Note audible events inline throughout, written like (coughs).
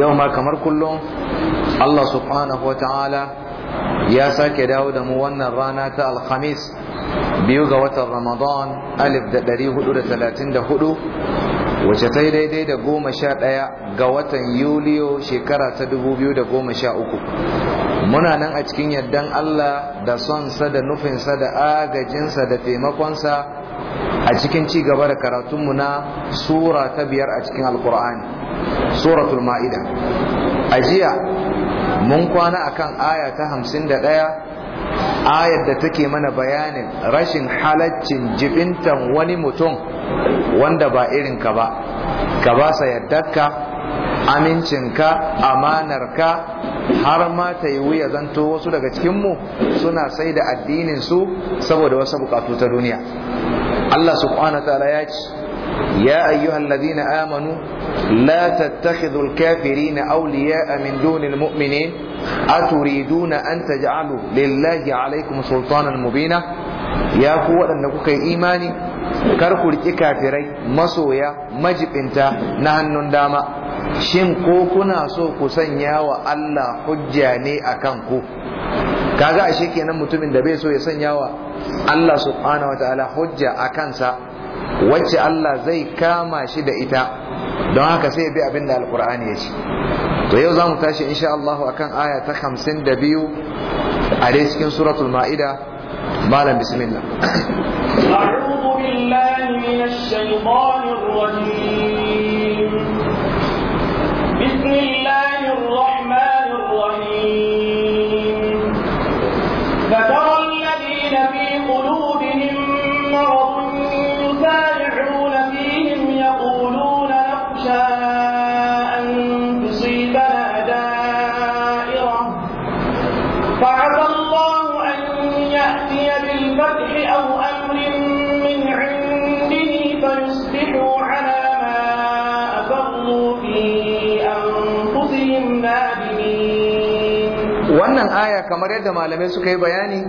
yau ma kamar kullum Allah subhanahu wa ta'ala ya sake dawo da mu wannan rana ta alhamis biyu ga watan ramadan alif da ɗari hudu da talatin da hudu wace ta daidai da goma sha ɗaya ga watan yuliyo shekara ta dubu biyu da goma sha uku muna nan a cikin yardan allah da sonsa da nufinsa da agajinsa da taimakonsa a cikin ci gaba da karatunmu na sura ta biyar a cikin alkur'ani suratul ma'ida a jiya mun kwana akan aya ta hamsin da ɗaya ayar da take mana bayanin rashin halaccin jibintan wani mutum wanda ba irin ka ba ka ba sa ka, amanar ka, har ma ta yiwu ya zanto wasu daga cikinmu suna sai da addinin su saboda wasu bukatu ta duniya Allah subhanahu wa ta'ala ya ce يا أيها الذين آمنوا لا تتخذوا الكافرين أولياء من دون المؤمنين أتريدون أن تجعلوا لله عليكم سلطانا مبينا يا قوة أنك إيماني kar ku riƙi kafirai masoya majibinta na hannun dama shin ko kuna so ku sanya wa Allah hujja ne a kanku kaga ashe kenan mutumin da bai so ya sanya wa Allah subhanahu wa ta'ala hujja a kansa wacce Allah zai kama shi da ita don haka sai bi abin da alkur'ani ya ce to yau za mu tashi insha Allah akan aya ta hamsin da biyu a dai cikin suratul ma'ida malam bismillah wannan aya kamar yadda malamai suka yi bayani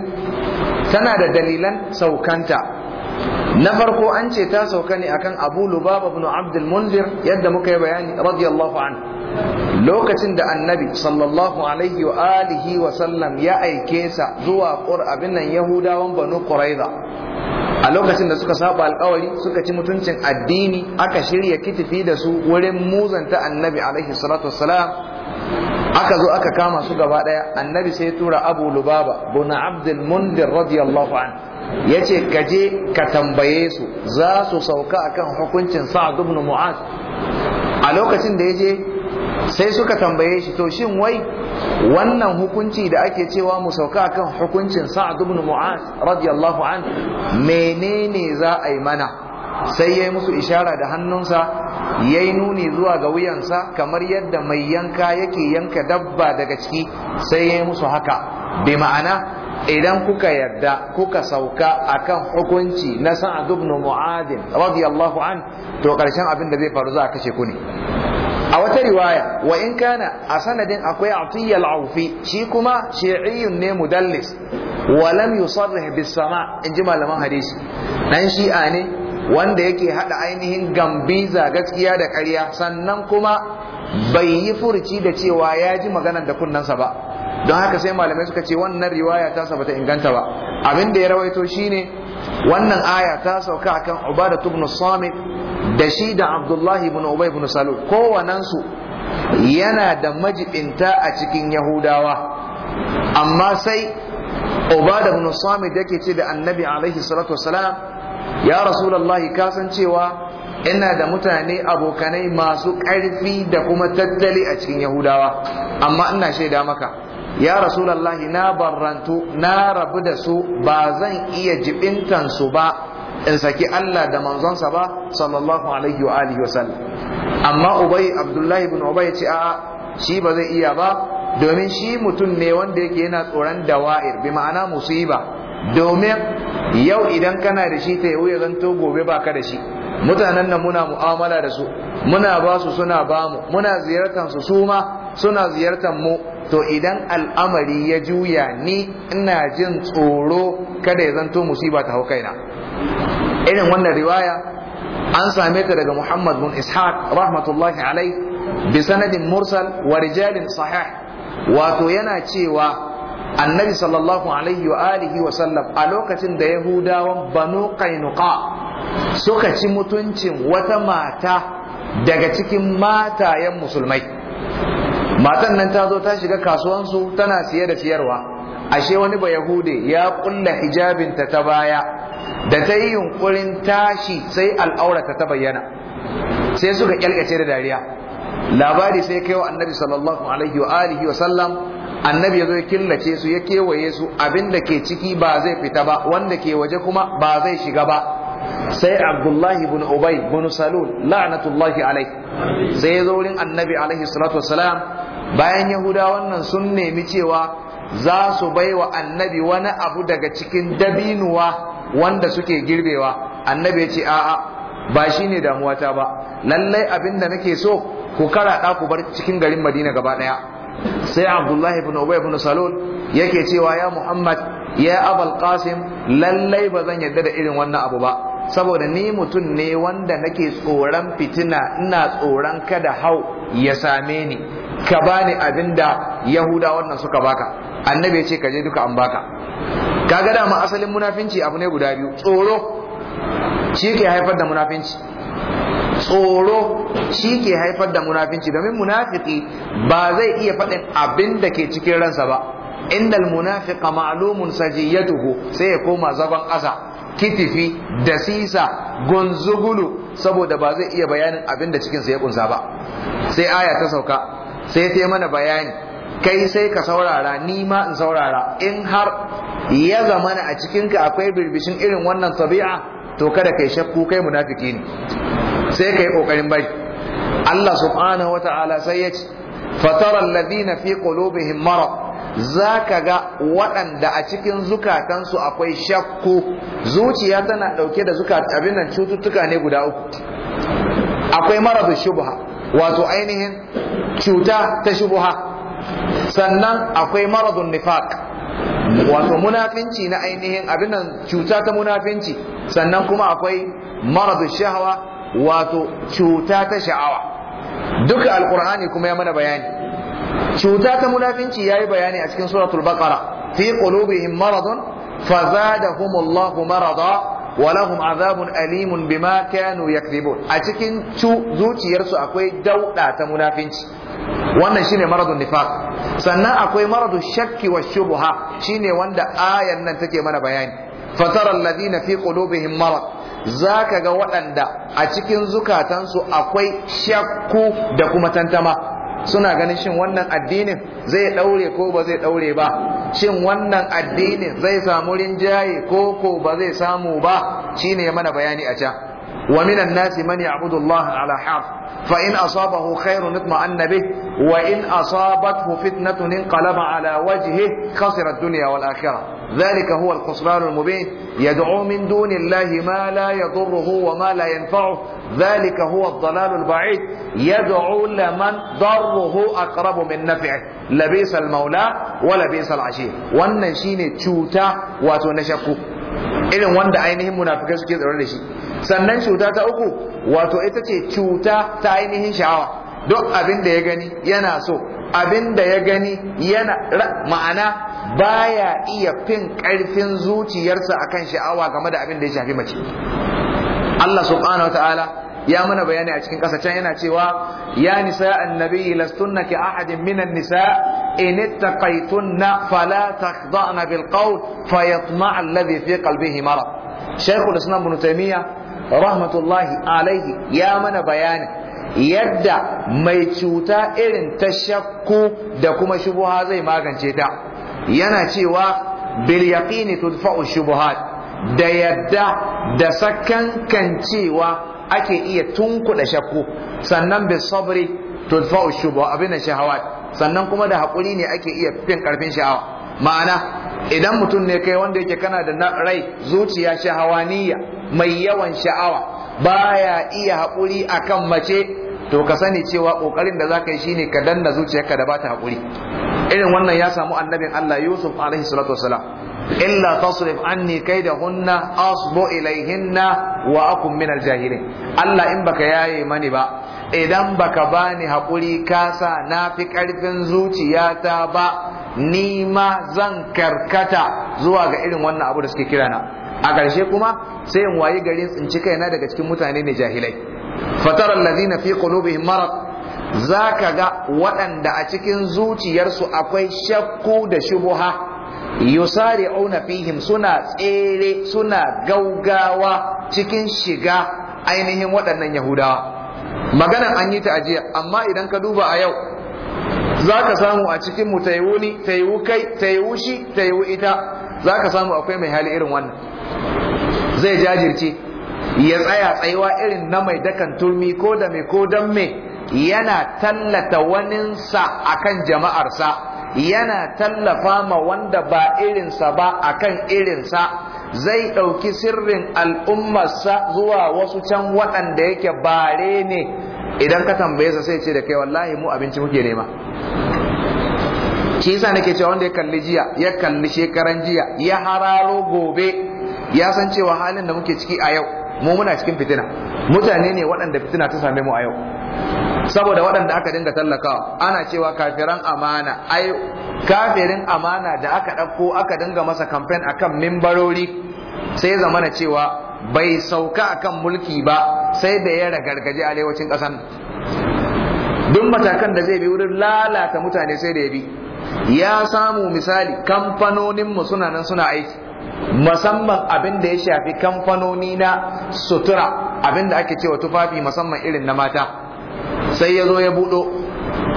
tana da dalilan saukanta na farko an ce ta sauka ne akan Abu Lubaba ibn Abdul Munzir yadda muka yi bayani radiyallahu an lokacin da annabi sallallahu alaihi wa alihi wa sallam ya aike sa zuwa a nan Yahudawan Banu Quraiza a lokacin da suka saba alkawari suka ci mutuncin addini aka shirya kitifi da su wurin muzanta annabi alaihi salatu wassalam aka zo aka kama su gaba daya annabi sai tura abu lubaba bin abdul mundir radiyallahu an yace kaje ka tambaye su za su sauka akan hukuncin sa'd ibn mu'az a lokacin da yaje sai suka tambaye shi to shin wai wannan hukunci da ake cewa mu sauka akan hukuncin sa'd ibn mu'az radiyallahu an menene za a yi mana sai ya musu ishara da hannunsa ya yi nuni zuwa ga wuyansa kamar yadda mai yanka yake yanka dabba daga ciki sai ya musu haka bi ma'ana idan kuka yarda kuka sauka akan hukunci na sa'ad ibn mu'adin radiyallahu an to karshen abin da zai faru za a kashe ku ne a wata riwaya wa in kana a sanadin akwai atiyya al-aufi shi kuma shi'iyyun ne mudallis wa lam yusarrih bis sama in ji malaman hadisi dan shi'a ne wanda yake hada ainihin gambiza gaskiya da ƙarya sannan kuma bai yi furuci da cewa ya ji maganar da kunnansa ba don haka sai malamai suka ce wannan riwaya ta sa bata inganta ba abin da ya rawaito shine wannan aya ta sauka akan Ubada ibn Samit da shi da Abdullahi ibn Ubay ibn Salul su yana da majibinta a cikin Yahudawa amma sai Ubada ibn Samit yake ce da Annabi alaihi salatu wasalam ya rasulallahi kasan cewa ina da mutane abokanai masu ƙarfi da kuma tattali a cikin yahudawa amma ina shaida maka ya rasulallahi na barrantu na rabu da su ba zan iya jibintan su ba in saki Allah da manzonsa ba sallallahu alaihi wa alihi wa amma ubay abdullahi ibn ubay ce a'a shi ba zai iya ba domin shi mutum ne wanda yake yana tsoron dawa'ir bi ma'ana musiba domin yau idan kana da shi ta yau ya zanto gobe baka da shi mutanen nan muna mu'amala da su muna ba su suna ba mu muna ziyartar su su ma suna ziyartar mu to idan al'amari ya juya ni ina jin tsoro kada ya zanto musiba ta hau kaina irin wannan riwaya an same ta daga Muhammad bin Ishaq rahmatullahi alai bi sanadin mursal wa sahih wato yana cewa annabi sallallahu alaihi wa alihi wa sallam a lokacin da yahudawan banu qainuqa suka ci mutuncin wata mata daga cikin matayen musulmai matan nan ta zo ta shiga kasuwansu tana siye da siyarwa ashe wani ba yahude ya ƙulla hijabinta ta baya da ta yi yunkurin tashi sai al'aurata ta bayyana sai suka kyalkace da dariya labari sai kai wa annabi sallallahu alaihi wa alihi wa sallam annabi ya zo ya killace su ya kewaye su abin da ke ciki ba zai fita ba wanda ke waje kuma ba zai shiga ba sai abdullahi bin ubay bin salul la'natullahi alai sai ya zo wurin annabi alaihi salatu wassalam bayan yahuda wannan sun nemi cewa za su baiwa annabi wani abu daga cikin dabinuwa wanda suke girbewa annabi ya ce a'a ba shine damuwata ba lallai abin da nake so ku karaɗa ku bar cikin garin madina gaba daya. sai abdullahi ibn ubay ibn salul yake cewa ya muhammad ya abul qasim lallai ba zan yarda da irin wannan abu ba saboda ni mutum ne wanda nake tsoron fitina ina tsoron kada hau ya same ni ka bani abinda yahuda wannan suka baka annabi ya ce ka je duka an baka kaga dama asalin munafinci abu ne guda biyu tsoro shi ke haifar da munafinci tsoro shi ke haifar da munafinci domin munafiki ba zai iya faɗin abin da ke cikin ransa ba innal munafiqa ya sajiyatuhu sai ya koma zagon ƙasa kitifi da sisa gunzugulu saboda ba zai iya bayanin abin da cikinsa ya kunsa ba sai aya ta sauka sai ta mana bayani kai sai ka saurara ni ma in saurara in har ya zamana a cikinka akwai birbishin irin wannan tabi'a to kada kai shakku kai munafiki ne sai ka yi ƙoƙarin bari Allah subhanahu wa ta'ala sai ya ce fatara alladhina fi qulubihim marad za ga waɗanda a cikin zukatansu akwai shakku zuciya tana ɗauke da zukat abin nan cututtuka ne guda uku akwai maradu shubha wato ainihin cuta ta shubha sannan akwai maradun nifaq wato munafinci na ainihin abin nan cuta ta munafinci sannan kuma akwai maradu shahwa? wato cuta ta sha'awa duka alkur'ani kuma ya mana bayani cuta ta munafinci ya yi bayani a cikin suratul baqara fi qulubihim maradun fazadahumullahu marada walahum azabun alimun bima kanu yakdibun a cikin cu zuciyarsu akwai dauda ta munafinci wannan shine maradun nifaq sannan akwai maradun shakki wa shubha shine wanda ayan nan take mana bayani fatara alladhina fi qulubihim marad za ka ga waɗanda a cikin zukatansu akwai shakku da kuma tantama suna ganin shin wannan addinin zai ɗaure ko ba zai ɗaure ba shin wannan addinin zai samu rinjaye ko ko ba zai samu ba Shi ne mana bayani a can ومن الناس من يعبد الله على حرف فإن أصابه خير اطمأن به وإن أصابته فتنة انقلب على وجهه خسر الدنيا والآخرة ذلك هو الخسران المبين يدعو من دون الله ما لا يضره وما لا ينفعه ذلك هو الضلال البعيد يدعو لمن ضره أقرب من نفعه لبئس المولى ولبئس العشير والنشين تشوتا واتو نشكو irin wanda ainihin munafikai suke tsare da shi sannan cuta ta uku wato ita ce cuta ta ainihin sha'awa duk abin da ya gani yana so abin da ya gani yana ma'ana baya iya fin ƙarfin zuciyarsa akan sha'awa game da abin da ya shafi mace Allah subhanahu wataala ya mana bayani a cikin ƙasa can yana cewa ya nisa annabi lastunna ki ahadin minan nisa in ittaqaytunna fala takhda'na bil qawl fayatma'a alladhi fi qalbihi marad Shaykhul Islam Ibn Taymiyyah rahmatullahi alaihi ya mana bayanin yadda mai cuta irin ta shakku da kuma shubuha zai magance ta yana cewa bil yaqini tudfa'u shubuhat da yadda da kan cewa ake iya tunkuda shakku sannan bi sabri tudfa'u shubuha abin shahawat sannan kuma da hakuri ne ake iya fin karfin sha'awa ma'ana idan mutum ne kai wanda yake kana da rai zuciya shahawaniya mai yawan sha'awa baya iya haƙuri akan mace to ka sani cewa ƙoƙarin da za ka yi shine ka danna zuciyarka da ba ta haƙuri irin wannan ya samu annabin Allah Yusuf alaihi salatu wasalam illa tasrif anni kaidahunna asbu ilaihinna wa akum minal jahilin Allah in baka yaye mani ba idan baka bani hakuri kasa na fi karfin zuciyata ba ni ma zan karkata zuwa ga irin wannan abu da suke kirana. a ƙarshe kuma sai in wayi garin tsinci kaina daga cikin mutane ne jahilai fataral ladina fi qulubihim marad zaka ga waɗanda a cikin zuciyarsu akwai shakku da shubuha auna fihim suna tsere suna gaugawa cikin shiga ainihin waɗannan yahudawa maganan an yi ta ajiya amma idan ka duba a yau za ka samu a cikin mu tayiwu ni tayiwu kai tayiwu shi ita za ka samu akwai mai hali irin wannan zai jajirce ya tsaya tsayuwa irin na mai dakan turmi ko da mai ko dan me yana tallata waninsa akan jama'arsa yana tallafa ma wanda ba irinsa ba akan irinsa zai ɗauki sirrin al'ummarsa zuwa wasu can waɗanda yake bare ne idan ka tambaye sa sai ce da kai wallahi mu abinci muke nema shi yasa nake cewa wanda ya kalli jiya ya kalli shekaran jiya ya hararo gobe ya san cewa halin da muke ciki a yau mu muna cikin fitina mutane ne waɗanda fitina ta same mu a yau saboda waɗanda aka dinga tallakawa ana cewa kafiran amana ai kafirin amana da aka ɗauko aka dinga masa kamfen akan mimbarori sai zamana cewa bai sauka akan mulki ba sai da ya ragargaje arewacin ƙasan duk matakan da zai bi wurin lalata mutane sai da ya bi ya samu misali kamfanoninmu suna nan suna aiki musamman abin da ya shafi kamfanoni na sutura abin da ake cewa tufafi musamman irin na mata sai ya zo ya buɗo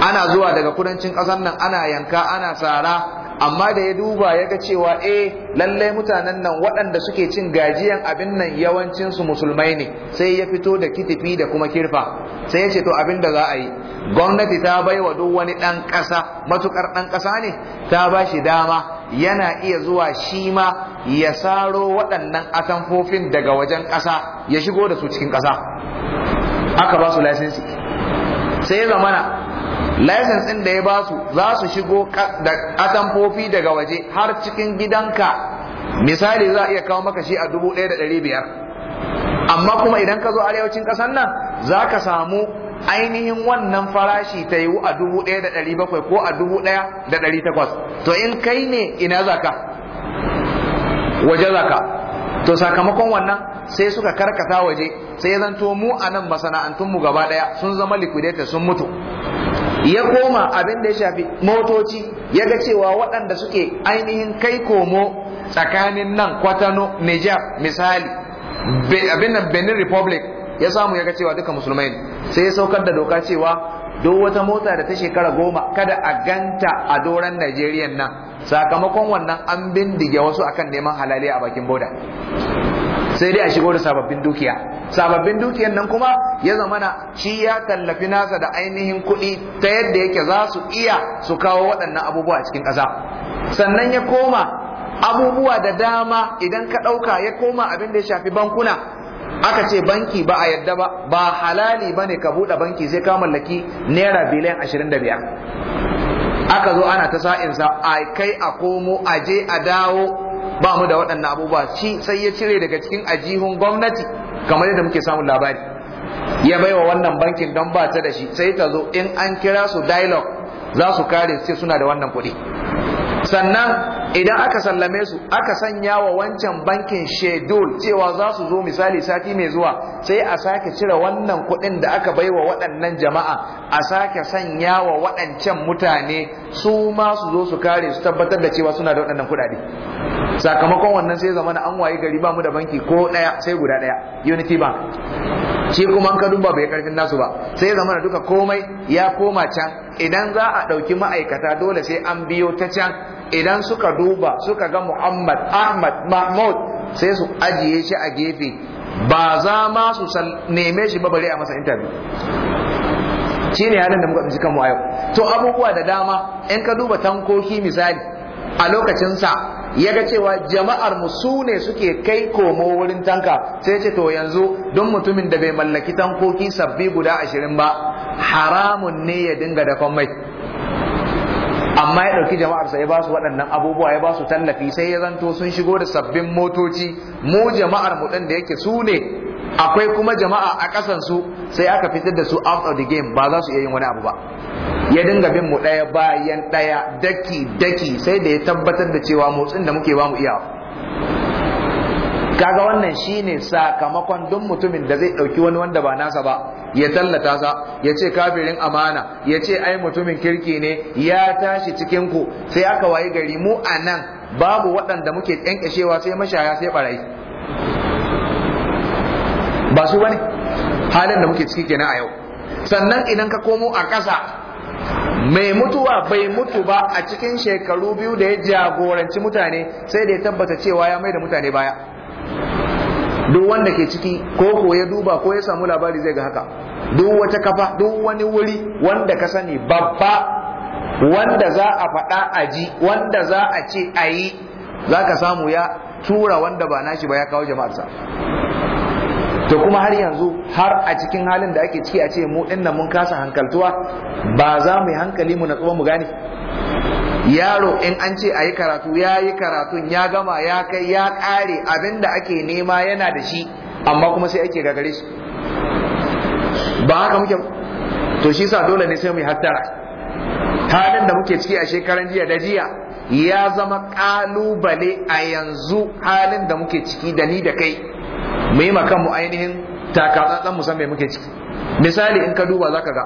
ana zuwa daga kudancin ƙasar nan ana yanka ana tsara, amma da ya duba ya ga cewa eh lallai mutanen nan waɗanda suke cin gajiyan abin nan yawancinsu musulmai ne sai ya fito da kitifi da kuma kirfa sai ya ce to abin da za a yi gwamnati ta bai wa duk wani ɗan ƙasa matuƙar ɗan ƙasa ne ta ba shi dama yana iya zuwa shi ma ya saro waɗannan atamfofin daga wajen ƙasa ya shigo da su cikin ƙasa aka ba su lasinsi sai zamana license ɗin da ya basu za su shigo da atamfofi daga waje har cikin gidanka misali za a iya kawo maka shi a dubu ɗaya da ɗari biyar amma kuma idan ka zo arewacin ƙasar nan za ka samu ainihin wannan farashi ta yiwu a dubu ɗaya da ɗari bakwai ko a dubu ɗaya da ɗari takwas to in kai ne ina za waje zaka to sakamakon wannan sai suka karkata waje sai ya zanto mu a nan masana'antun mu gaba ɗaya sun zama liquidated sun mutu ya koma abin da ya shafi motoci ya ga cewa waɗanda suke ainihin kai komo tsakanin nan kwatano Niger misali abin nan Benin Republic ya samu ya ga cewa duka musulmai sai ya saukar da doka cewa duk wata mota da ta shekara goma kada a ganta a doron Najeriya nan sakamakon wannan an bindige wasu akan neman halali a bakin boda sai dai a shigo da sababbin dukiya sababbin dukiyan nan kuma ya zamana shi ya tallafi nasa da ainihin kuɗi ta yadda yake za su iya su kawo waɗannan abubuwa a cikin ƙasa sannan ya koma abubuwa da dama idan ka ɗauka ya koma abin da ya shafi bankuna aka ce banki ba a yadda ba ba halali bane ka buɗe banki sai ka mallaki naira biliyan ashirin da biyar aka zo ana ta sa a kai a komo a je a dawo ba mu da waɗannan abubuwa shi sai ya cire daga cikin ajihun gwamnati kamar yadda muke samun labari ya baiwa wannan bankin don ba ta da shi sai ta zo in an kira su dialogue za su kare sai suna da wannan kuɗi sannan idan aka sallame su aka sanya wa wancan bankin shedul cewa za su zo misali sati mai zuwa sai a sake cire wannan kuɗin da aka bai wa waɗannan jama'a a sake sanya wa waɗancan mutane su ma su zo su kare su tabbatar da cewa suna da waɗannan kuɗaɗe sakamakon wannan sai zama an waye gari ba mu da banki ko daya sai guda daya unity bank shi kuma an ka duba bai karfin nasu ba sai zama duka komai ya koma can idan za a ɗauki ma'aikata dole sai an biyo ta can idan suka duba suka ga Muhammad Ahmad Mahmud sai su ajiye shi a gefe ba za ma su neme shi ba bare a masa interview shi ne halin da muka tsinci kanmu a yau to abubuwa da dama in ka duba tankoki misali a lokacinsa ya ga cewa jama'ar mu su ne suke kai komo wurin tanka sai ce to yanzu don mutumin da bai mallaki tankoki sabbi guda ashirin ba haramun ne ya dinga da mai amma ya ɗauki jama'arsa ya ba su waɗannan abubuwa ya ba su tallafi sai ya zanto sun shigo da sabbin motoci mu jama'ar mu ɗin da yake su ne akwai kuma jama'a a ƙasan su sai aka fitar da su out of the game ba za su iya yin wani abu ba ya dinga bin mu ɗaya bayan ɗaya daki daki sai da ya tabbatar da cewa motsin da muke ba mu iyawa kaga wannan shine sakamakon duk mutumin da zai ɗauki wani wanda ba nasa ba ya tallata sa ya ce kafirin amana ya ce ai mutumin kirki ne ya tashi cikin ku sai aka wayi gari mu a nan babu waɗanda muke ƙyanƙyashewa sai mashaya sai barayi ba su bane halin da muke ciki kenan a yau sannan idan ka komo a ƙasa mai mutuwa bai mutu ba a cikin shekaru biyu da ya jagoranci mutane sai da ya tabbata cewa ya mai da mutane baya duk wanda ke ciki ko ko ya duba ko ya samu labari zai ga haka duk wata kafa duk wani wuri wanda ka sani babba wanda za a faɗa a ji wanda za a ce a yi za ka samu ya tura wanda ba nashi ba ya kawo jama'arsa to kuma har yanzu har a cikin halin da ake ciki a ce mu in nan mun kasa hankaltuwa ba za mu yi hankali mu na natsuwa mu gane yaro in an ce a yi karatu ya yi karatun ya gama ya kai ya kare abinda ake nema yana da shi amma kuma sai ake gagare su. ba haka muke to shi sa dole ne sai mu hattara halin da muke ciki a shekaran jiya da jiya ya zama kalubale a yanzu halin da muke ciki da ni da kai mu yi ainihin takatsatsen musamman muke ciki misali in ka duba zaka ga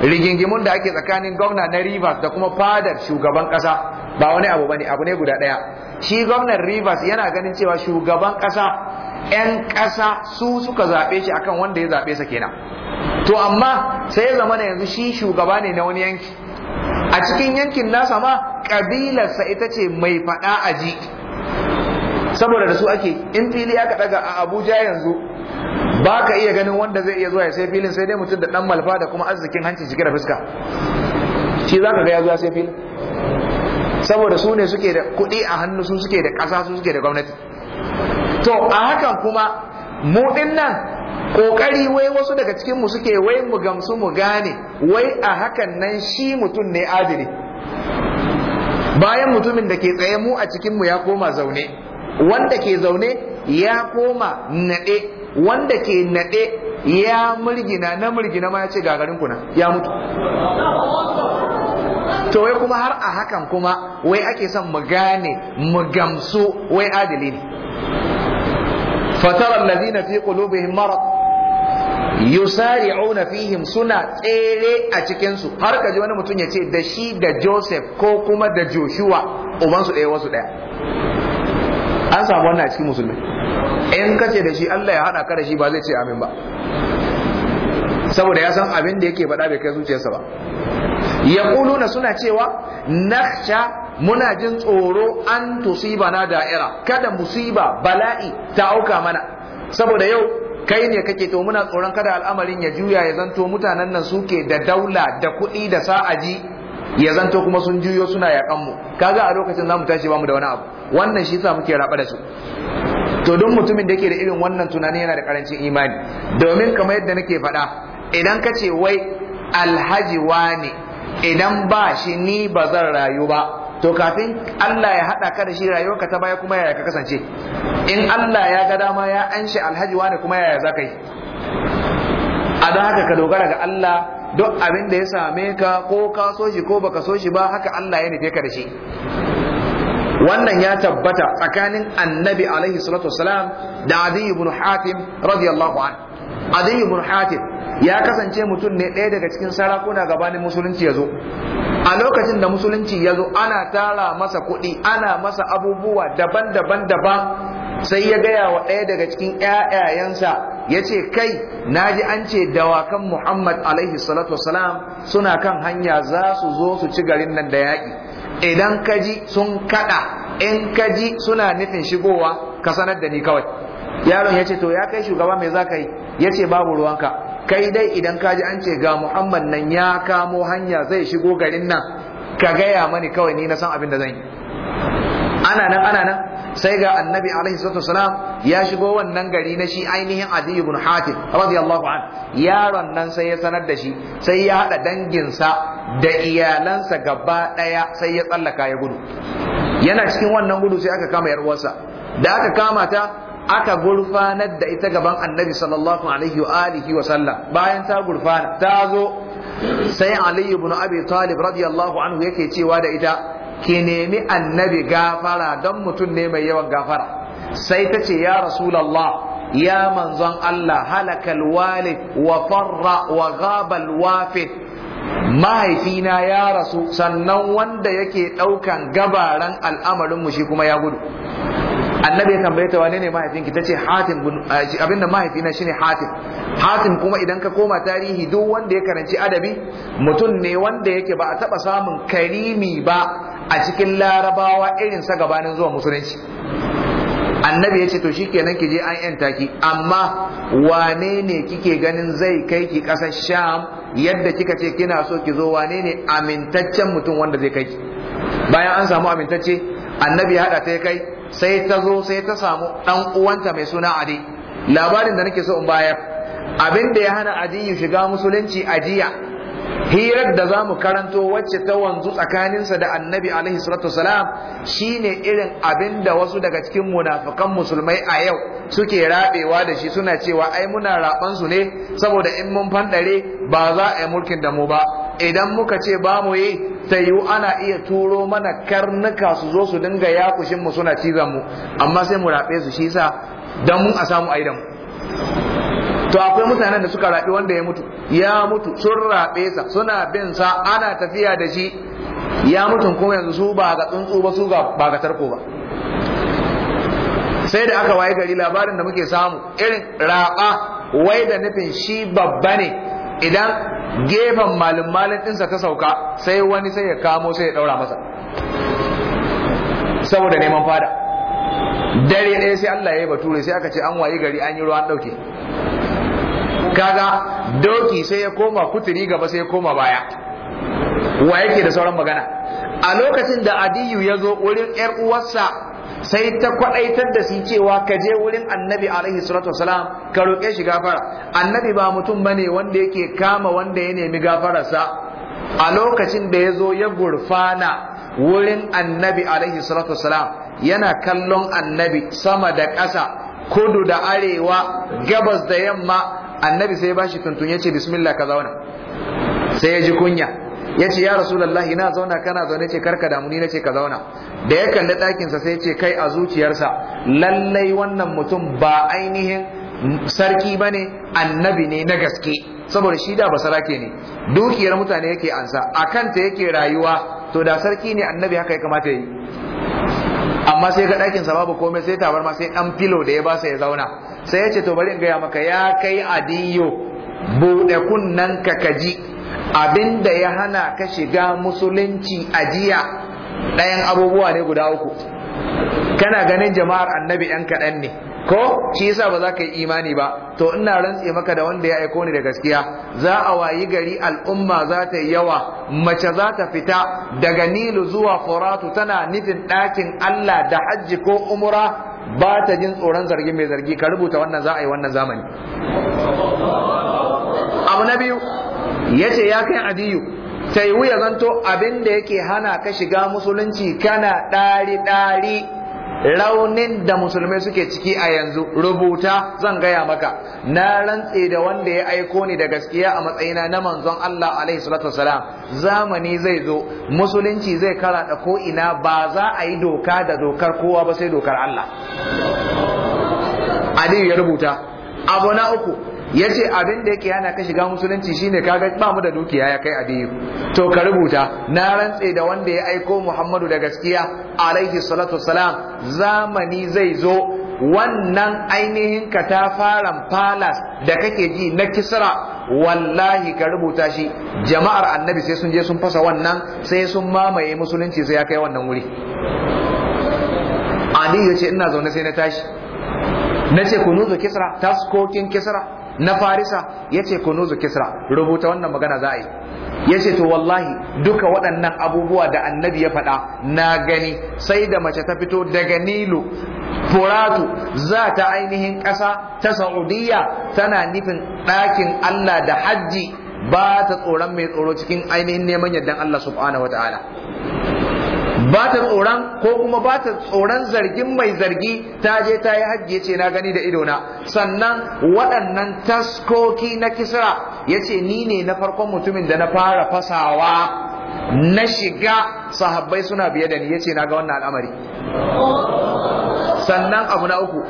rigingimun da ake tsakanin gwamna na Rivers da kuma fadar shugaban kasa ba wani abu bane abu ne guda daya shi gwamnan Rivers yana ganin cewa shugaban kasa yan kasa su suka zaɓe shi akan wanda ya zaɓe sa kenan to amma sai ya zama yanzu shi shugaba ne na wani yanki a cikin yankin nasa ma kabilarsa ita ce mai fada aji saboda da su ake in fili aka daga a Abuja yanzu ba ka iya ganin wanda zai iya zuwa ya sai filin sai dai mutum da dan malfa da kuma arzikin hanci cike da fuska shi za ka ga ya zuwa sai filin saboda su ne suke da kuɗi a hannu su suke da ƙasa su suke da gwamnati to a hakan kuma mu nan kokari wai wasu daga cikin mu suke wai mu gamsu mu gane wai a hakan nan shi mutum ne adini? bayan mutumin da ke tsaye mu a cikin mu ya koma zaune wanda ke zaune ya koma naɗe wanda ke naɗe ya murgina na murgina ma ya ce gagarin kuna ya mutu to wai kuma har a hakan kuma wai ake son mu gane mu gamsu wai adali ne fatara allazina fi qulubihim marad yusari'una fihim suna tsere a cikinsu, su har kaji wani mutum ya ce da shi da Joseph ko kuma da Joshua ubansu su ɗaya wasu ɗaya an samu wannan a cikin musulmi in kace da shi Allah ya hada ka da shi ba zai ce amin ba saboda ya san abin da yake faɗa bai kai zuciyarsa ba yaquluna suna cewa nakhsha muna jin tsoro an tusiba na da'ira kada musiba bala'i ta auka mana saboda yau kai ne kake to muna tsoron kada al'amarin ya juya ya zanto mutanen nan suke da daula da kuɗi da sa'aji ya zanto kuma sun juyo suna yaƙanmu. mu kaga a lokacin zamu tashi ba mu da wani abu wannan shi sa muke raba da su to don mutumin da yake da irin wannan tunani yana da karancin imani domin kamar yadda nake faɗa idan ka ce wai alhaji wani idan ba shi ni ba zan rayu ba to kafin Allah ya haɗa ka da shi ka ta baya kuma yaya ka kasance in Allah ya ga dama ya anshi alhaji wani kuma yaya za ka yi a don haka ka dogara ga Allah duk abin da ya same ka ko ka so shi ko baka so shi ba haka Allah ya nufe ka da shi wannan ya tabbata tsakanin annabi alaihi salatu wasalam da adi ibn hatim radiyallahu an adi ibn hatim ya kasance mutum ne ɗaya daga cikin sarakuna gabanin musulunci ya zo a lokacin da musulunci ya zo ana tara masa kuɗi ana masa abubuwa daban-daban daban sai ya gaya wa ɗaya daga cikin ‘ya'yayensa ya ce kai na ji an ce dawakan muhammad alaihi salatu wasalam suna kan hanya za su zo su ci garin nan da yaƙi idan kaji sun kada in kaji suna nufin shigowa ka sanar da ni kawai yaron ya ce to ya kai shugaba mai za ka yi ya ce babu ruwanka kai dai idan kaji ji an ce ga muhammad nan ya kamo hanya zai shigo garin nan ka gaya mani kawai ni na san abin da zan yi ana nan ana nan sai ga annabi alaihi salatu wasalam ya shigo wannan gari na shi ainihin adi ibn hatim radiyallahu an yaron nan sai ya sanar da shi sai ya hada danginsa da iyalansa gaba daya sai ya tsallaka ya gudu yana cikin wannan gudu sai aka kama yar da aka kama ta aka gurfanar da ita gaban annabi sallallahu alaihi wa alihi wa sallam bayan ta gurfana ta zo sai ali ibn abi talib radiyallahu anhu yake cewa da ita ki nemi annabi gafara don mutum ne mai yawan gafara sai ta ce ya rasulallah ya manzon Allah halakal walid wa farra wa gabal wafid mahaifina ya rasu sannan wanda yake ɗaukan gabaran al'amarinmu shi kuma ya gudu annabi ya tambaye ta wane ne mahaifinki ta ce hatim eh, abinda mahaifina shine hatim hatim kuma idan ka koma tarihi duk wanda ya karanci adabi mutum ne wanda yake ba a taba samun karimi ba a cikin larabawa irin sa gabanin zuwa musulunci annabi ya ce to shikenan ki je an yanta ki amma wane ne kike ganin zai kai ki ƙasar sham yadda kika ce kina so ki zo wane ne amintaccen mutum wanda zai kai ki bayan an samu amintacce annabi ya haɗa ta kai sai ta zo sai ta samu ɗan uwanta mai suna adi labarin da nake so in bayar abinda ya hana adiyu shiga musulunci ajiya hirar da za mu karanto wacce ta wanzu tsakaninsa da annabi alaihi salatu wasalam shine irin abin da wasu daga cikin munafukan musulmai a yau suke rabewa da shi suna cewa ai muna raban su ne saboda in mun fanɗare ba za a yi mulkin da mu ba idan muka ce ba mu yi ta ana iya turo mana karnuka su zo su dinga yakushin mu suna cizon mu amma sai mu rabe su shi sa don mun a samu aidan to akwai mutanen da suka raɓi wanda ya mutu ya mutu sun raɓe sa suna bin sa ana tafiya da shi ya mutu kuma yanzu su ba ga tsuntsu ba su ba ga tarko ba sai da aka waye gari labarin da muke samu irin raɓa wai da nufin shi babba ne idan gefen malin malin ɗinsa ta sauka sai wani sai ya kamo sai ya ɗaura masa saboda neman fada dare ɗaya sai Allah ya yi bature sai aka ce an waye gari an yi ruwan ɗauke kaga doki sai ya koma kuturi gaba sai ya koma baya wa yake da sauran magana a lokacin da adiyu ya zo wurin yar uwarsa sai ta kwadaitar da shi cewa ka je wurin annabi alaihi salatu wasalam ka roƙe shi gafara annabi ba mutum bane wanda yake kama wanda ya nemi gafararsa a lokacin da ya zo ya gurfana wurin annabi alaihi salatu wasalam yana kallon annabi sama da ƙasa kudu da arewa gabas da yamma annabi sai bashi tuntun ya ce bismillah ka zauna sai ya ji kunya ya ce ya rasulallah ina zauna kana zaune ce karka damu ni nace ka zauna da ya kalli ɗakinsa sai ce kai a zuciyarsa lallai wannan mutum ba ainihin sarki ba ne annabi ne na gaske saboda shi da basarake ne dukiyar mutane yake ansa a kanta yake rayuwa to da sarki ne annabi haka ya kamata ya yi amma sai ga ɗakin sa babu komai sai tabarma sai dan filo da ya ba sa ya zauna sai ya ce to bari in gaya maka ya kai adiyo buɗe kunnen ka kaji abinda ya hana ka shiga musulunci ajiya ɗayan abubuwa ne guda uku kana ganin jama'ar annabi yan kaɗan ne ko shi yasa ba za ka yi imani ba to ina rantse maka da wanda ya aiko ni da gaskiya za a wayi gari al'umma za ta yi yawa mace za ta fita daga nilu zuwa furatu tana nufin ɗakin Allah da hajji ko umura ba ta jin tsoron zargi mai zargi ka rubuta wannan za a yi wannan zamani abu na biyu yace ya kai adiyu ta yi wuya zanto abin da yake hana ka shiga musulunci kana ɗari-ɗari raunin da musulmai suke ciki a yanzu rubuta zan gaya maka na rantse da wanda ya aiko ni da gaskiya a matsayina na manzon Allah alaihi salatu wasalam zamani zai zo musulunci zai karata ko ina ba za a yi doka da dokar kowa ba sai dokar Allah Aliyu ya rubuta abu na uku ya ce abin da yake yana ka shiga musulunci shine kaga ba mu da dukiya ya kai adiyu to ka rubuta na rantse da wanda ya aiko muhammadu da gaskiya alaihi salatu salam zamani zai zo wannan ainihin katafaren palace da kake ji na kisra wallahi ka rubuta shi jama'ar annabi sai sun je sun fasa wannan sai sun mamaye musulunci sai ya kai wannan wuri aliyu ya ce ina zaune sai na tashi na ce kunuzu kisra taskokin kisra na farisa ya ce kunuzu kisra rubuta wannan magana za a yi ya ce to wallahi duka waɗannan abubuwa da annabi ya faɗa na gani sai da mace ta fito daga nilu furatu za ta ainihin ƙasa ta saudiya tana nufin ɗakin allah da hajji ba ta tsoron mai tsoro cikin ainihin neman yardan allah subhanahu wa ta'ala ba tsoron ko kuma ba tsoron zargin mai zargi ta je ta yi hajji ce na gani da idona sannan waɗannan taskoki na kisra ya ce ni ne na farkon mutumin da na fara fasawa na shiga sahabbai suna biye da ni ya ce na ga wannan al'amari sannan abu na uku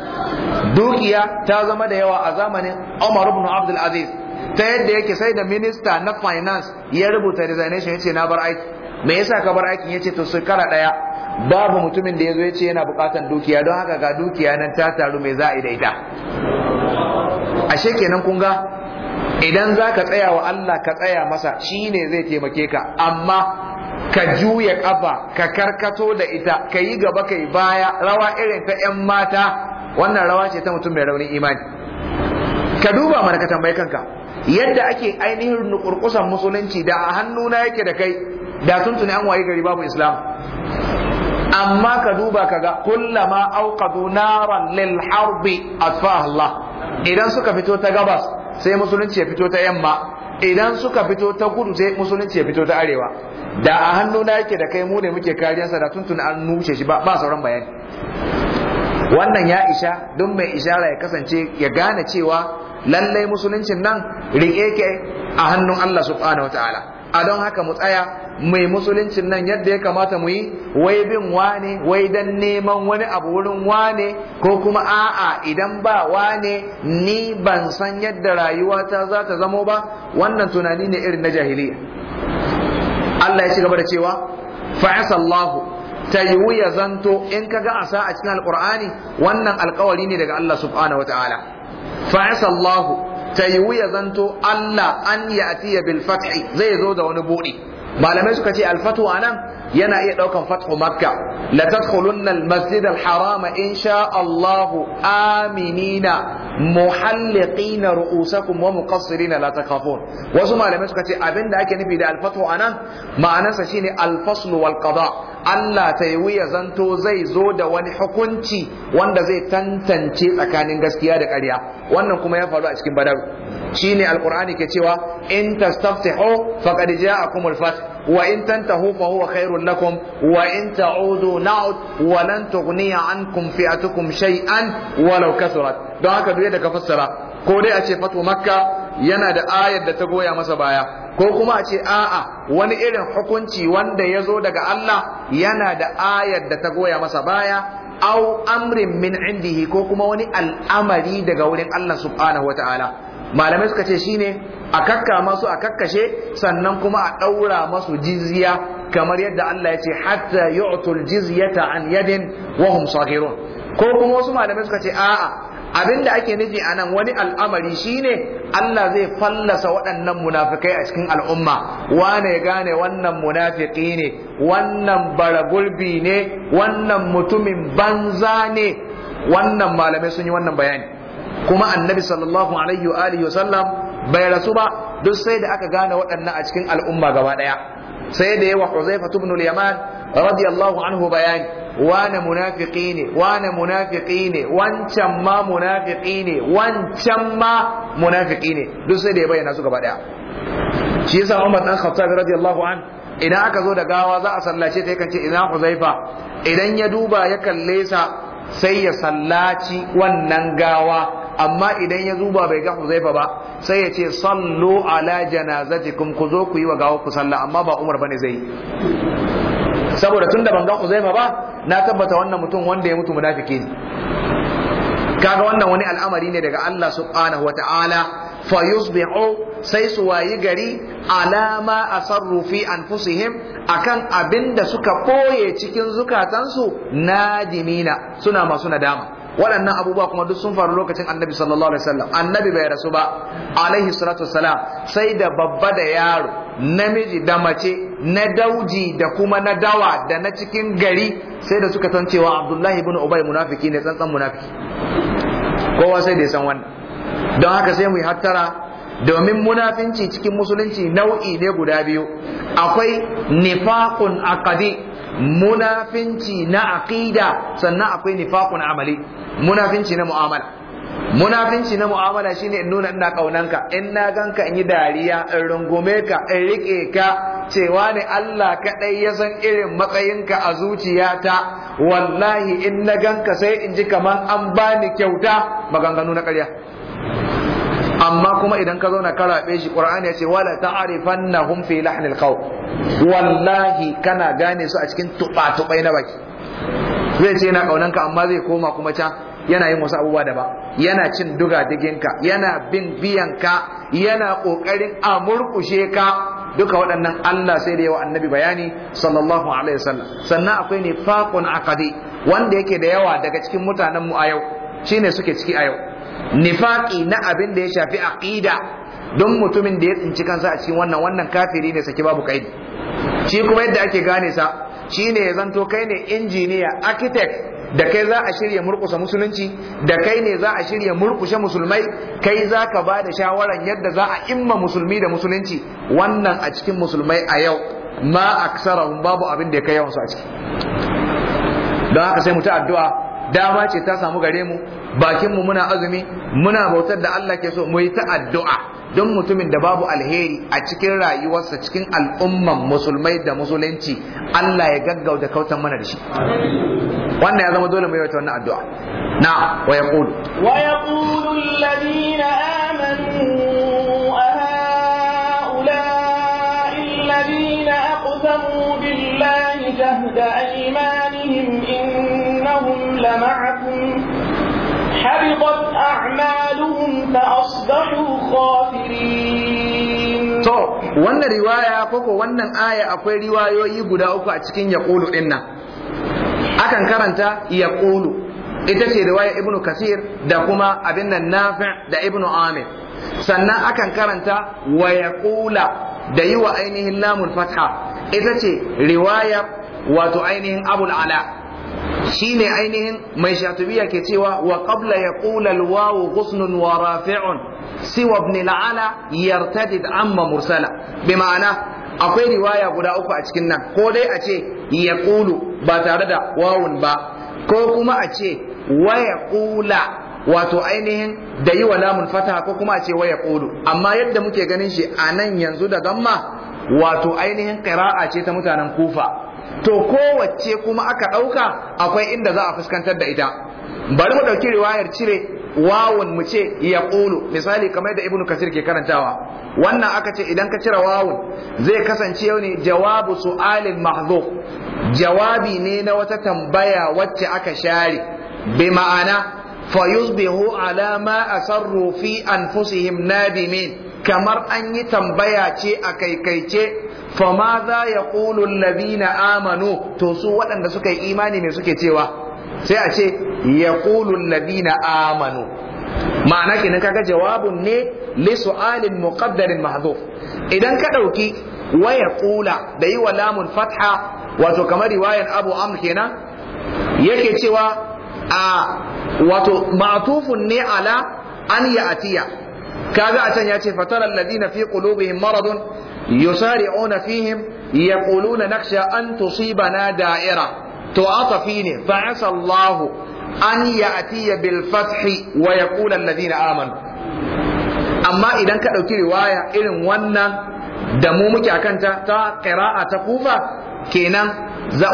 dukiya ta zama da yawa a zamanin Umar ibn Abdul Aziz ta yadda yake sai da minista na finance ya rubuta resignation ya ce na bar aiki me yasa ka bar aikin yace to shekara daya babu mutumin da yazo yace yana bukatan dukiya don haka ga dukiya nan ta taru me za a yi da ita ashe kenan kun ga idan zaka tsaya wa Allah ka tsaya masa shi ne zai taimake ka amma ka juya kafa ka karkato da ita ka yi gaba kai baya rawa irin ta 'yan mata wannan rawa ce ta mutum mai raunin imani ka duba mana ka tambayi kanka yadda ake ainihin nukurkusan musulunci da a hannuna yake da kai da tuntuni an waye gari babu islam amma ka duba kaga kullama auqadu naran lil harbi atfaha Allah idan suka fito ta gabas sai musulunci ya fito ta yamma idan suka fito ta kudu sai musulunci ya fito ta arewa da a hannuna yake da kai mu ne muke kariyarsa da tuntuni an nuce shi ba sauran bayani wannan ya isha don mai ishara ya kasance ya gane cewa lallai musuluncin nan riƙe ke a hannun Allah subhanahu wataala a don haka mu tsaya mai musuluncin nan yadda ya kamata mu yi wai bin wane wai dan neman wani abu wurin wane ko kuma a'a idan ba wane ni ban san yadda rayuwata za ta zamo ba wannan tunani ne irin na jahiliya Allah ya ci gaba da cewa fa'asallahu ta yiwu ya zanto in kaga asa a cikin alqur'ani wannan alkawari ne daga Allah subhanahu wataala fa yasallahu wuya ya zanto Allah an atiya bil zai zo da wani buɗi malamai suka ce al fatu anan yana iya ɗaukar fathu makka la tadkhulunna al-masjid al-harama insha Allah aminina muhalliqina ru'usakum wa muqassirina la takhafun wasu malamai suka ce abinda ake nufi da alfathu anan ma'anarsa shine al wal qada Allah ta yi zanto zai zo da wani hukunci wanda zai tantance tsakanin gaskiya da ƙarya wannan kuma ya faru a cikin badar shine alqur'ani ke cewa in tastaftihu faqad ja'akumul fath wa in tantahu fa huwa khairul lakum wa in ta'udu na'ud wa lan tughniya ankum fi'atukum shay'an walau kasurat don haka duk yadda ka fassara ko dai a ce fatu makka yana da ayar da ta goya masa baya ko kuma a ce a'a wani irin hukunci wanda ya zo daga Allah yana da ayar da ta goya masa baya au amrin min indihi ko kuma wani al'amari daga wurin Allah subhanahu malamai suka ce shine a kakka masu a kakkashe sannan kuma a ɗaura masu jizya kamar yadda Allah ya ce hatta yu'tul jizyata an yadin wa hum saghirun ko kuma wasu malamai suka ce a'a abinda ake nufi anan wani al'amari shine Allah zai fallasa waɗannan munafikai a cikin al'umma wane gane wannan munafiki ne wannan baragulbi ne wannan mutumin banza ne wannan malamai sun yi wannan bayani kuma annabi sallallahu alaihi wa alihi wasallam bai rasu ba duk sai da aka gane waɗannan a cikin al'umma gaba ɗaya sai da yawa Huzaifa ibn al-Yaman radiyallahu anhu bayani wane munafiki ne wane munafiki ne wancan ma munafiki ne wancan ma munafiki ne duk sai da ya bayyana su gaba ɗaya shi yasa Umar dan Khattab radiyallahu anhu idan aka zo da gawa za a sallace ta yakan ce ina huzaifa idan ya duba ya kalle sa sai ya sallaci wannan gawa amma idan ya zuba bai ga Huzaifa ba sai ya ce sallu ala janazatikum ku zo ku yi wa gawo ku sallah amma ba Umar bane zai saboda tunda ban ga Huzaifa ba na tabbata wannan mutum wanda ya mutu munafiki ne kaga wannan wani al'amari ne daga Allah subhanahu wata'ala fa yusbihu sai su wayi gari alama asarru fi anfusihim akan abinda suka koye cikin zukatansu nadimina suna masu nadama waɗannan abubuwa kuma duk sun faru lokacin annabi sallallahu alaihi wasallam annabi bai rasu ba alaihi salatu wasalam sai da babba da yaro namiji da mace na dauji da kuma na dawa da na cikin gari sai da suka san cewa abdullahi ibn ubay munafiki ne tsantsan munafiki kowa sai da san wannan don haka sai mu yi hattara domin munafinci cikin musulunci nau'i ne guda biyu akwai nifaqun aqdi munafinci na aqida sannan akwai nifaqun amali munafinci na mu'amala munafinci na mu'amala shine in nuna ina kaunanka in na ganka in yi dariya in rungume ka in rike ka cewa ne Allah kadai ya san irin matsayinka a zuciyata wallahi in na ganka sai in ji kaman an bani kyauta maganganu na ƙarya amma kuma idan ka zauna ka rabe shi qur'ani ya ce wala ta'rifannahum fi lahnil qaw wallahi kana gane su a cikin tuba tubai na baki zai ce yana kaunanka amma zai koma kuma can yana yin wasu abubuwa da ba yana cin duga diginka yana bin biyan ka, yana kokarin a murkushe ka duka waɗannan Allah sai da yawa annabi bayani sallallahu alaihi wasallam sannan akwai nifaqun aqadi wanda yake da yawa daga cikin mutanen mu a yau shine suke ciki a yau nifaƙi na abin da ya shafi aqida don mutumin da ya tsinci kansa a cikin wannan wannan kafiri ne saki babu kaidi shi kuma yadda ake gane sa shine ya zanto kai ne injiniya architect da kai za a shirya murkusa musulunci da kai ne za a shirya murkushe musulmai kai za ka ba da shawaran yadda za a imma musulmi da musulunci wannan a cikin musulmai a yau ma aksarahum babu abin da ya kai yawansu a ciki don haka sai mu ta addu'a dama ce ta samu gare mu bakinmu muna azumi muna bautar da Allah ke so mu yi ta addu'a don mutumin da babu alheri a cikin rayuwarsa cikin al'umman musulmai da musulunci Allah ya gaggauta kautan mana da shi wannan ya zama dole mu yi wannan addu'a na wa yaqulu wa yaqulu alladhina amanu جهد أيمانهم إنهم لمعكم حبطت to wannan riwaya koko wannan aya akwai riwayoyi guda uku a cikin yaqulu dinnan akan karanta yaqulu ita ce riwaya ibnu kasir da kuma abin nan nafi' da ibnu amir sannan akan karanta wa yaqula da yi wa ainihin lamun fatha ita ce riwaya wato ainihin abul ala shine ainihin mai shatubiya ke cewa wa qabla yaqula al-waw ghusnun wa rafi'un siwa ibn al-ala yartadid amma mursala bi ma'ana akwai riwaya guda uku a cikin nan ko dai a ce yaqulu ba tare da wawun ba ko kuma a ce wa yaqula wato ainihin da yi wa lamun fataha ko kuma a ce wa yaqulu amma yadda muke ganin shi a nan yanzu da gamma wato ainihin ƙira'a ce ta mutanen kufa to kowacce kuma aka ɗauka akwai inda za a fuskantar da ita bari mu ɗauki riwayar cire wawun mu ce ya ƙulu misali kamar da ibnu kasir ke karantawa wannan aka ce idan ka cire wawun zai kasance ne jawabu su'alin mahzo jawabi ne na wata tambaya wacce aka share bi ma'ana yusbihu ala ma asarru fi anfusihim nadimin kamar an yi tambaya ce a kaikaice fa ma za ya ladina amanu to su waɗanda suka yi imani mai suke cewa sai a ce ya ladina amanu ma'ana kenan kaga jawabun ne li su'alin muqaddarin mahdhuf idan ka ɗauki waya ƙula da yi wa lamun fatha wato kamar riwayar abu amr kenan yake cewa a wato ma'tufun ne ala an atiya kaga a can ya ce fatara alladhina fi qulubihim maradun yusari'una fihim yaquluna nakhsha an tusibana da'ira to atafi ne fa asallahu an ya'tiya bil fathi wa yaqula alladhina amanu amma idan ka ɗauki riwaya irin wannan da mu muke akanta ta qira'a ta kufa kenan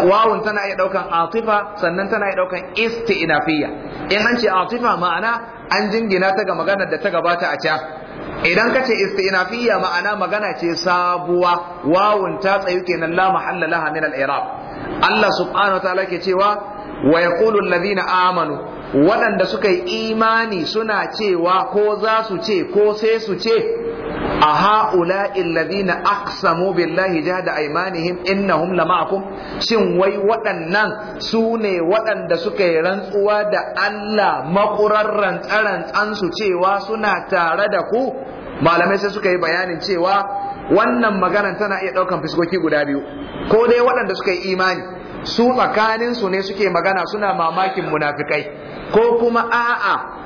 wawun tana iya daukan atifa sannan tana iya daukan isti'nafiyya in an ce atifa ma'ana an jingina ta ga maganar da ta gabata a can idan kace istinafiyya ma'ana magana ce sabuwa wawun ta tsayu kenan la mahalla laha min al-i'rab Allah subhanahu wa ta'ala ke cewa wa yaqulu alladhina amanu waɗanda suka yi imani suna cewa ko za su ce ko sai su ce a ha'ula'il ladina aqsamu billahi jahada aymanihim innahum lama'akum shin wai waɗannan su ne waɗanda suka yi rantsuwa da Allah makurar rantsarantsan su cewa suna tare da ku malamai sai suka yi bayanin cewa wannan maganar tana iya ɗaukan fiskoki guda biyu ko dai waɗanda suka yi imani su tsakaninsu ne suke magana suna mamakin munafikai ko kuma a'a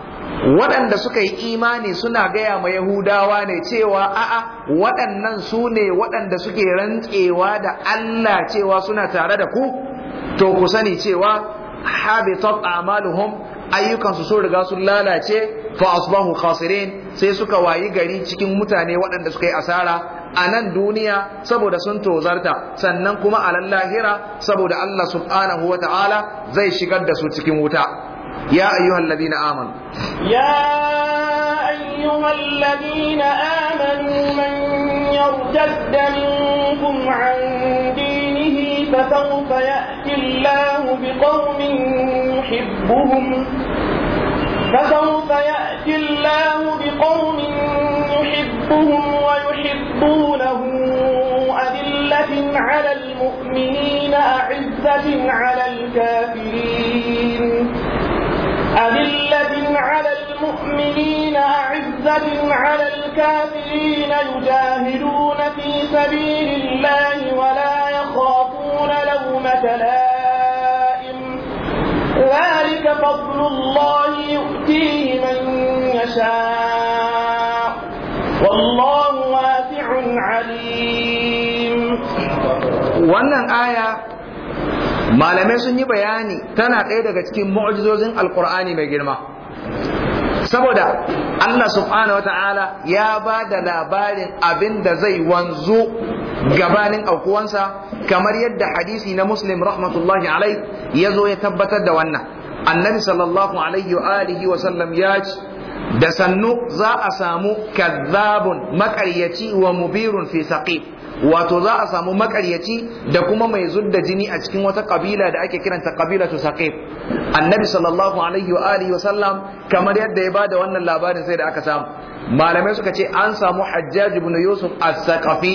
waɗanda suka yi imani suna gaya ma Yahudawa ne cewa a'a waɗannan su ne waɗanda suke rantsewa da Allah cewa suna tare da ku to ku sani cewa habitat amaluhum ayyukansu sun riga sun lalace fa asbahu khasirin sai suka wayi gari cikin mutane waɗanda suka yi asara a nan duniya saboda sun tozarta sannan kuma a lahira saboda Allah subhanahu wa zai shigar da su cikin wuta يا أيها الذين آمنوا يا أيها الذين آمنوا من يرتد منكم عن دينه فسوف يأتي الله بقوم يحبهم فسوف يأتي الله بقوم يحبهم ويحبونه أذلة على المؤمنين أعزة على الكافرين أذلة على المؤمنين أعزة على الكافرين يجاهدون في سبيل الله ولا يخافون لومة لائم ذلك فضل الله يؤتيه من يشاء والله واسع عليم وأن الآية malamai sun yi bayani tana ɗaya daga cikin mu'jizozin alkur'ani mai girma saboda Allah subhanahu wata'ala ya ba da labarin abin da zai wanzu gabanin aukuwansa kamar yadda hadisi na muslim rahmatullahi alai ya zo ya tabbatar da wannan annabi sallallahu alaihi wa alihi wa sallam ya ce da sannu za a samu kazzabun makaryaci wa mubirun fi saqib wato za a samu makaryaci da kuma mai zudda jini a cikin wata kabila da ake kiranta kabilatu saqif annabi sallallahu alaihi wa alihi wa sallam kamar yadda ya bada wannan labarin sai da aka samu malamai suka ce an samu hajjaj ibn yusuf as-saqafi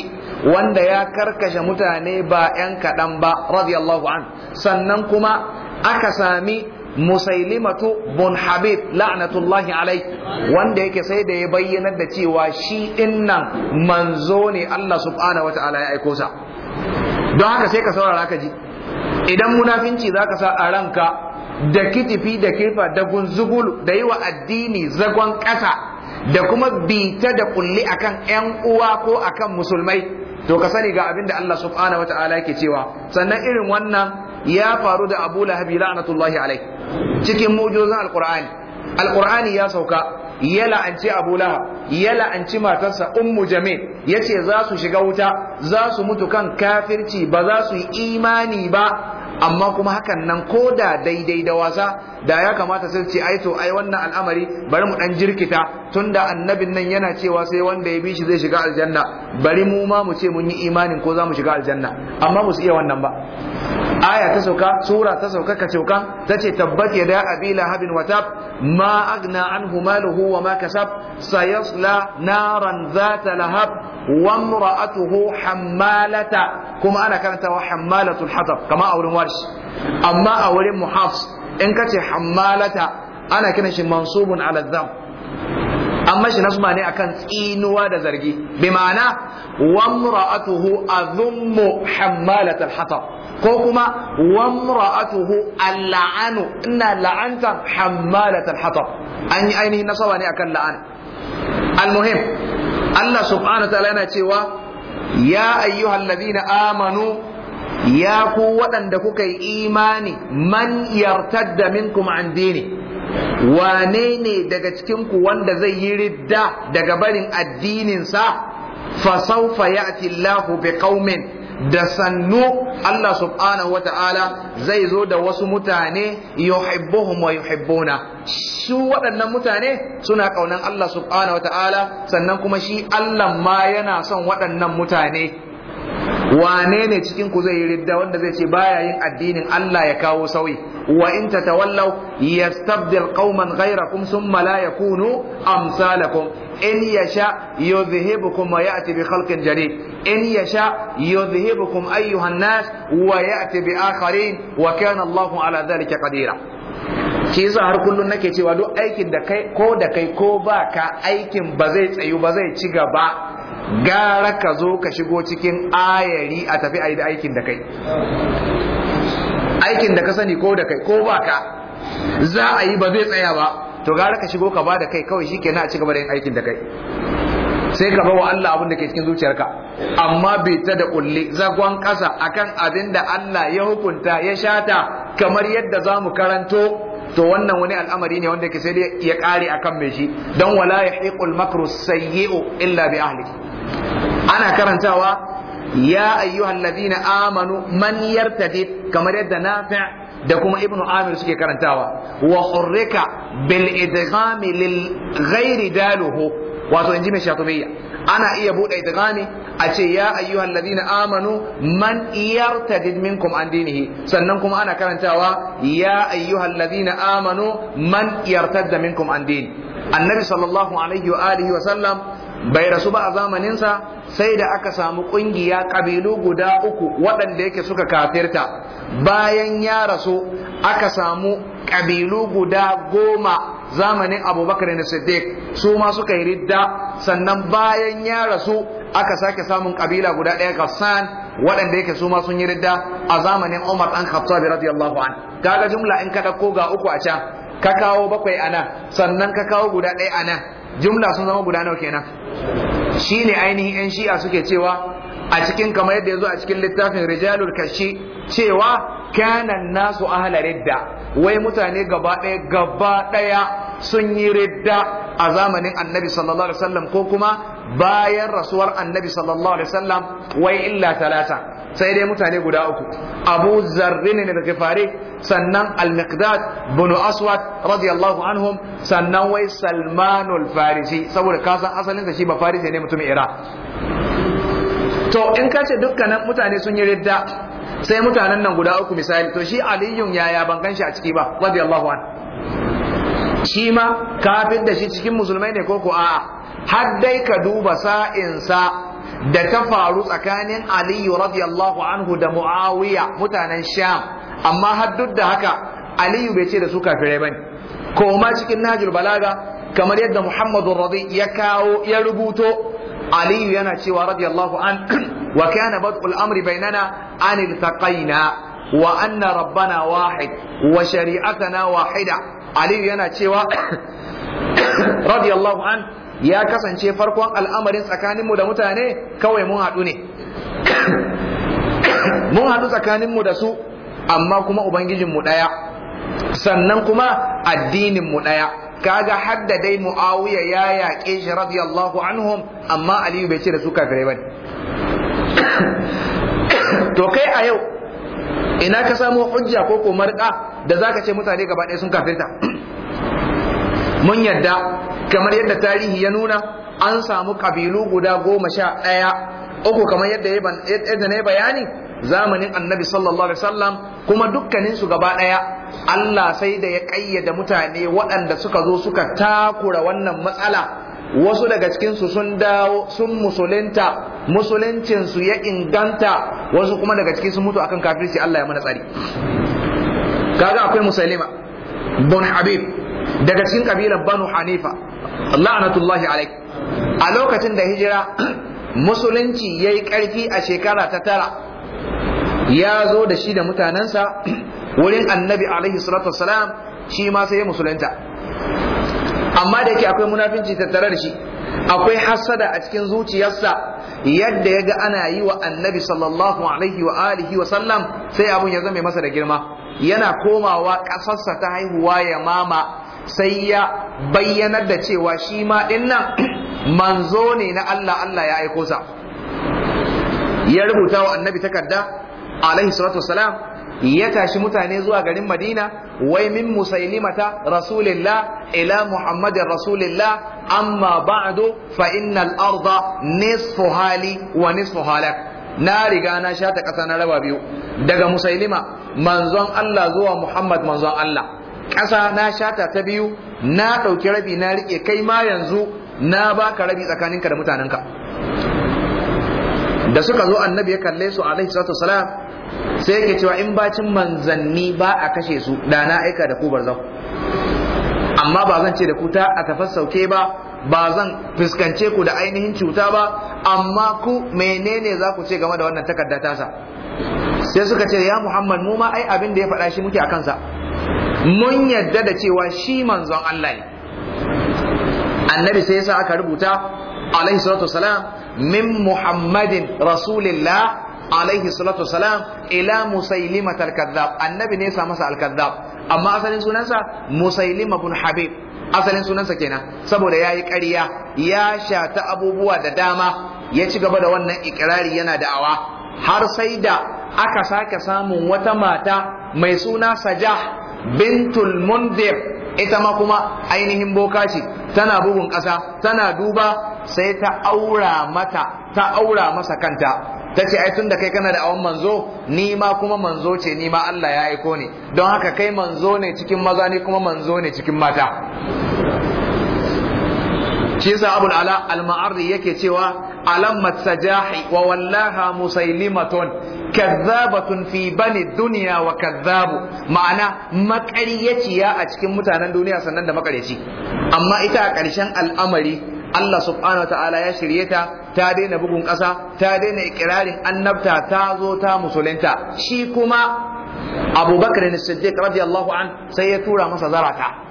wanda ya karkashe mutane ba yan kadan ba radiyallahu an sannan kuma aka sami musailimatu bun habib la'natullahi alai wanda yake sai da ya bayyanar da cewa shi nan manzo ne Allah subhanahu wataala ya aiko sa don haka sai ka saurara ka ji idan munafinci zaka sa a ranka da kitifi da kirfa da gunzugulu da yi wa addini zagon ƙasa da kuma bita da kulli akan 'yan uwa ko akan musulmai to ka sani ga abinda da Allah subhanahu wataala yake cewa sannan irin wannan ya faru da Abu Lahab la'natullahi alai cikin mujizan alqur'ani alqur'ani ya sauka ya la'anci Abu Lahab ya la'anci matarsa Ummu Jamil yace za su shiga wuta za su mutu kan kafirci ba za su yi imani ba amma kuma hakan nan ko da daidai da wasa da ya kamata sai ce ai to ai wannan al'amari bari mu dan jirkita tunda annabin nan yana cewa sai wanda ya bi shi zai shiga aljanna bari mu ma mu ce mun yi imanin ko za mu shiga aljanna amma ba su iya wannan ba aya ta sauka sura ta sauka ka sauka ta ce tabbat yada abi lahabin wa tab ma agna anhu maluhu wa ma kasab sayasla naran zata lahab wa imra'atuhu hammalata kuma ana karantawa hammalatul hatab kama a wurin warshi amma a wurin mu hafs in kace hamalata ana kiran shi mansubun ala dham amma shi nasma ne akan tsinuwa da zargi bi ma'ana wa imra'atuhu adhummu hammalatul hatab ko kuma wa imra'atuhu al'anu inna la'anta hammalatul hatab an yi ainihin nasawa ne akan la'ana المهم Allah subhanahu ta'ala yana cewa ya ayyuhal ladina amanu ya ku waɗanda kuka yi imani man yartadda minkum an dini wane ne daga cikin ku wanda zai yi ridda daga barin addininsa fa sawfa ya'ti Allahu bi qaumin da sannu Allah subhanahu wa ta'ala zai zo da wasu mutane yuhibbuhum wa yuhibbuna su waɗannan mutane suna ƙaunan Allah subhanahu wa ta'ala sannan kuma shi Allah ma yana son waɗannan mutane wane ne cikin ku zai yi ridda wanda zai ce baya yin addinin Allah ya kawo sauyi wa in tatawallaw yastabdil qauman ghayrakum thumma la yakunu amsalakum in yasha yudhhibukum wa ya'ti bi khalqin jadid in yasha yudhhibukum ayyuhan nas wa ya'ti bi akharin wa kana Allahu ala dhalika qadira shi yasa har kullun nake cewa duk aikin da kai ko da kai ko ba ka aikin ba zai tsayu ba zai ci gaba gara ka zo ka shigo cikin ayari a tafi a yi da aikin da kai aikin da ka sani ko da kai ko ba ka za a yi ba zai tsaya ba to gara ka shigo ka ba da kai kawai shi kenan a ci gaba da yin aikin da kai sai ka bawa Allah abin da ke cikin zuciyarka amma bai ta da kulli zagon kasa akan abin da Allah ya hukunta ya shata kamar yadda za mu karanto to wannan wani al'amari ne wanda ke sai ya kare akan mai shi don wala ya yahiqul makru sayyi'u illa bi ahlihi ana karantawa ya ayyuhan ladina amanu man yartadid kamar yadda nafi' da kuma ibnu amir suke karantawa wa hurrika bil idghami lil ghairi daluhu wato inji mai shatubiyya ana iya bude idghami a ce ya ayyuhan ladina amanu man yartadid minkum an dinihi sannan kuma ana karantawa ya ayyuhan ladina amanu man yartadda minkum an dini annabi sallallahu alaihi wa alihi wa sallam bai rasu ba a zamaninsa sai da aka samu ƙungiya ƙabilu guda uku waɗanda yake suka kafirta bayan ya rasu aka samu ƙabilu guda goma zamanin abubakar na siddiq su ma suka yi ridda sannan bayan ya rasu aka sake samun ƙabila guda ɗaya gassan waɗanda yake su ma sun yi ridda a zamanin umar ɗan khattabi radiyallahu an kaga jumla in ka ɗauko ga uku a can ka kawo bakwai ana sannan ka kawo guda ɗaya ana jumla sun zama guda nawa kenan shine ainihin yan shi'a suke cewa a cikin kamar yadda ya zo a cikin littafin rijalul kashi cewa kanan nasu ahla ridda wai mutane gaba ɗaya gaba ɗaya sun yi ridda a zamanin annabi sallallahu alaihi wasallam ko kuma bayan rasuwar annabi sallallahu alaihi wasallam wai illa talata sai dai mutane guda uku abu zarrin al-ghifari sannan al-miqdad bin aswad radiyallahu anhum sannan wai salman al-farisi saboda kasan asalin sa shi ba farisi ne mutumin iraq to in ka ce dukkanin mutane sun yi ridda sai mutanen nan guda uku misali to shi aliyun yaya ban ganshi a ciki ba radiyallahu anhu shi ma kafin da shi cikin musulmai ne ko ko a'a har dai ka duba sa'insa da ta faru tsakanin aliyu radiyallahu anhu da muawiya mutanen sham amma har duk da haka aliyu bai ce da su kafirai bane ko ma cikin najul balaga kamar yadda muhammadu radi ya kawo ya rubuto aliyu yana cewa radiyallahu an (clears throat) wa kana bad'ul amri bainana an iltaqaina wa anna rabbana wahid wa shari'atana wahida aliyu yana cewa (clears throat) radiyallahu an ya kasance farkon al'amarin tsakaninmu da mutane kawai mun haɗu ne (coughs) mun haɗu tsakaninmu da su amma kuma ubangijinmu ɗaya sannan kuma addininmu ɗaya kaga hadda dai muawiya ya yaƙe shi radiyallahu anhum amma aliyu bai ce da su kafirai bane (coughs) to kai a yau ina ka samu hujja ko ko marka da zaka ce mutane gaba ɗaya sun kafirta (coughs) mun yadda kamar yadda tarihi ya nuna an samu kabilu guda goma sha ɗaya uku kamar yadda na bayani zamanin annabi sallallahu alaihi wasallam kuma dukkaninsu gaba ɗaya Allah sai da ya ƙayyade mutane waɗanda suka zo suka takura wannan matsala wasu daga cikinsu sun dawo sun musulunta su ya inganta wasu kuma daga cikin sun mutu akan kafirci Allah ya mana tsari kaga akwai musailima bani habib daga cikin kabilar banu hanifa la'anatullahi alaik a lokacin da hijira (clears throat) musulunci ya yi ƙarfi a shekara ta tara ya zo da shi da mutanensa (clears throat) wurin annabi alaihi salatu wasalam shi ma sai ya musulunta amma da yake akwai munafinci tattare da shi akwai hasada a cikin zuciyarsa yadda ya ga ana yi wa annabi sallallahu alaihi wa alihi wa sallam sai abun ya zama masa da girma yana komawa ƙasarsa ta haihuwa ya mama sai ya bayyanar da cewa shi ma nan, (clears throat) manzo ne na Allah Allah ya aiko sa ya rubuta wa annabi takarda alaihi salatu wasalam ya tashi mutane zuwa garin Madina wai min musailimata rasulillah ila muhammadin rasulillah amma ba'du fa al-arza arda nisfu hali wa nisfu halak na riga na shata ƙasa na raba biyu daga musailima manzon Allah zuwa Muhammad manzon Allah ƙasa na shata ta biyu na ɗauki rabi na riƙe kai ma yanzu na baka rabi tsakaninka da mutanenka da suka zo annabi ya kalle su alaihi salatu wasalam sai yake cewa in bacin manzanni ba a kashe su da na aika da ku barzau amma ba zan ce da ku ta a tafassauke ba ba zan fuskance ku da ainihin cuta ba amma ku menene za ku ce game da wannan takarda tasa sai suka ce ya muhammad mu ma ai abin da ya faɗa shi muke a kansa mun yadda da cewa shi manzon Allah ne annabi sai ya sa aka rubuta alaihi salatu wasalam min muhammadin rasulillah alaihi salatu salam ila musailima al annabi ne ya masa al amma asalin sunansa musailima ibn habib asalin sunansa kenan saboda yayi ƙarya ya shata abubuwa da dama ya ci gaba da wannan ikirari yana da'awa har sai da aka sake samun wata mata mai suna sajah bintul mundir ita ma kuma ainihin boka ce tana bugun ƙasa tana duba sai ta aura mata ta aura masa kanta ta ce ai tun da kai kana da awon manzo ni ma kuma manzo ce ni ma Allah ya aiko ni don haka kai manzo ne cikin maza ni kuma manzo ne cikin mata shi yasa abul ala al-ma'arri yake cewa alam sajahi wa wallaha musailimatun kazzabatun fi bani duniya wa kazzabu ma'ana makaryaciya a cikin mutanen duniya sannan da makaryaci amma ita a ƙarshen al'amari Allah subhanahu wa ta'ala ya shirye ta ta daina bugun ƙasa ta daina ikirarin annabta ta zo ta musulunta shi kuma Abu Bakr ne Siddiq radiyallahu an sai ya tura masa zarata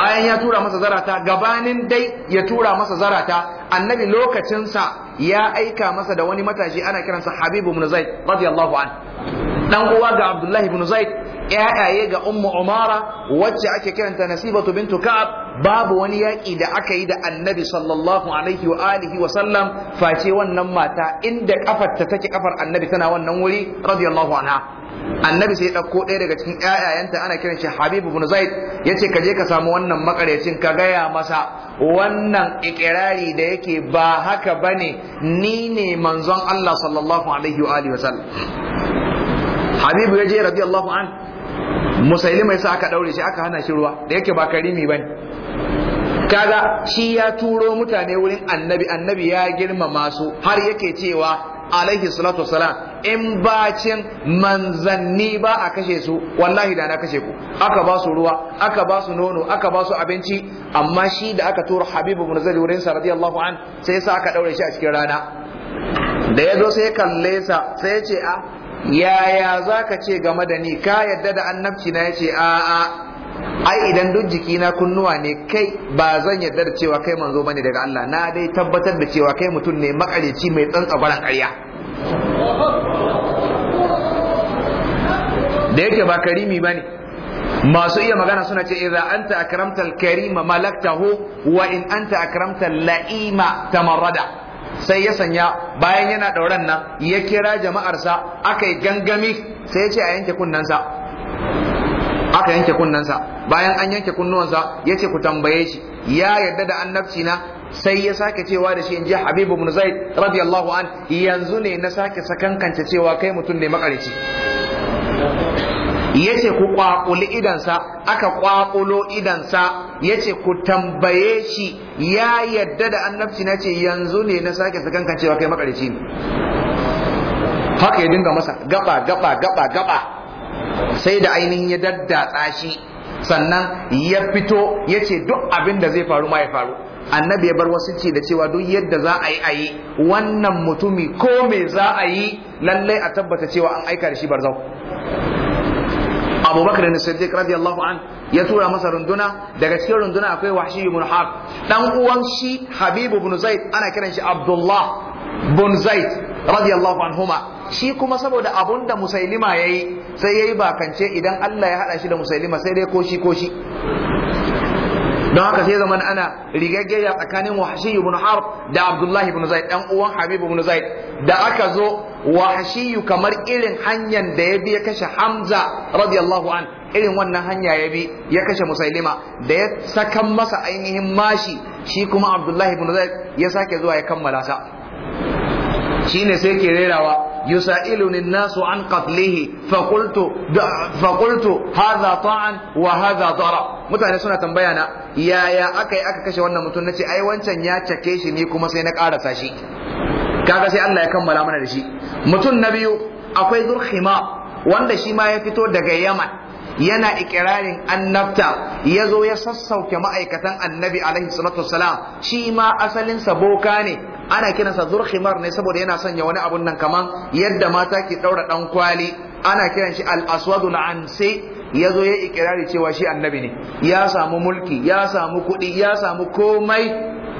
bayan ya tura masa zarata gabanin dai ya tura masa zarata annabi lokacinsa ya aika masa da wani matashi ana kiransa habibu ibn zaid radiyallahu an dan uwa ga abdullahi ibn zaid yayaye ga ummu umara wacce ake kiranta nasibatu bintu ka'ab babu wani yaki da aka yi da annabi sallallahu alaihi wa alihi wa sallam face wannan mata inda kafarta take kafar annabi tana wannan wuri radiyallahu anha annabi sai ya ɗauko ɗaya daga cikin ƴaƴayenta ana kiran shi Habibu ibn zaid yace ka je ka samu wannan makarecin ka gaya masa wannan ikirari da yake ba haka bane ni ne manzon Allah sallallahu alaihi wa alihi habibu ya je radiyallahu an musailima sa aka daure shi aka hana shi ruwa da yake ba karimi bane kaga shi ya turo mutane wurin annabi annabi ya girmama su har yake cewa alaihi salatu wasalam in bacin manzanni ba a kashe su wallahi da na kashe ku aka ba su ruwa aka ba su nono aka ba su abinci amma shi da aka tura habibu bin zali wurin sa radiyallahu an sai sa aka daure shi a cikin rana da ya zo sai ya kalle sa sai ya ce a ah, yaya za ka ce game da ni ka yadda da annabci na ya ce a'a ai idan duk jiki na kunnuwa ne kai ba zan yadda da cewa kai manzo bane daga Allah na dai tabbatar da cewa kai mutum ne makareci mai tsantsabaran ƙarya da yake ba karimi bane masu iya magana suna ce idza anta akramtal karima malaktahu wa in anta akramtal la'ima tamarrada sai ya sanya bayan yana ɗauran nan ya kira jama'arsa aka yi gangami sai ya ce a yanke kunnensa aka yanke kunnensa bayan an yanke kunnuwansa ya ce ku tambaye shi ya yarda da annabci na sai ya sake cewa da shi in ji habibu bin zaid radiyallahu an yanzu ne na sake sakankance cewa kai mutum ne makarici yace ku kwakuli idansa aka kwakulo idansa yace ku tambaye shi ya yadda da annabci na ce yanzu ne na sake sakanka cewa kai makarici ne haka ya dinga masa gaba gaba gaba gaba sai da ainihin ya daddatsa shi sannan ya fito yace duk abin da zai faru ma ya faru annabi ya bar wasu ce da cewa duk yadda za a yi a yi wannan mutumi ko me za a yi lallai a tabbata cewa an aika da shi barzau Abu Bakr ibn Siddiq radiyallahu an ya tura masa runduna daga cikin runduna akwai Wahshi ibn Haq dan uwan shi habibu ibn Zaid ana kiran shi Abdullah ibn Zaid radiyallahu anhuma shi kuma saboda abun da Musailima yayi sai yayi bakance idan Allah ya hada shi da Musailima sai dai koshi koshi don haka sai zaman ana rigaggeya tsakanin wahashi ibn harb da Abdullahi ibn zaid dan uwan habib ibn zaid da aka zo wahashi kamar irin hanyar da ya bi ya kashe hamza radiyallahu an irin wannan hanya ya bi ya kashe musailima da ya sakan masa ainihin mashi shi kuma Abdullahi ibn zaid ya sake zuwa ya kammala Shi shine sai ke rerawa يسائلني الناس عن قتله فقلت فقلت هذا طعن وهذا ضرر mutane suna tambaya na yaya aka yi aka kashe wannan mutum nace ai wancan ya cake shi ni kuma sai na karasa shi kaga sai Allah ya kammala mana da shi mutum na biyu akwai zurkhima wanda shi ma ya fito daga Yaman yana ikirarin annabta ya zo ya sassauke ma'aikatan annabi alaihi salatu wasalam shi ma asalinsa boka ne ana kiransa zurkhimar ne saboda yana sanya wani abun nan kaman yadda mata ke daura dan kwali ana kiran shi al-aswadul ansi sai ya ikirari cewa shi annabi ne ya samu mulki ya samu kuɗi ya samu komai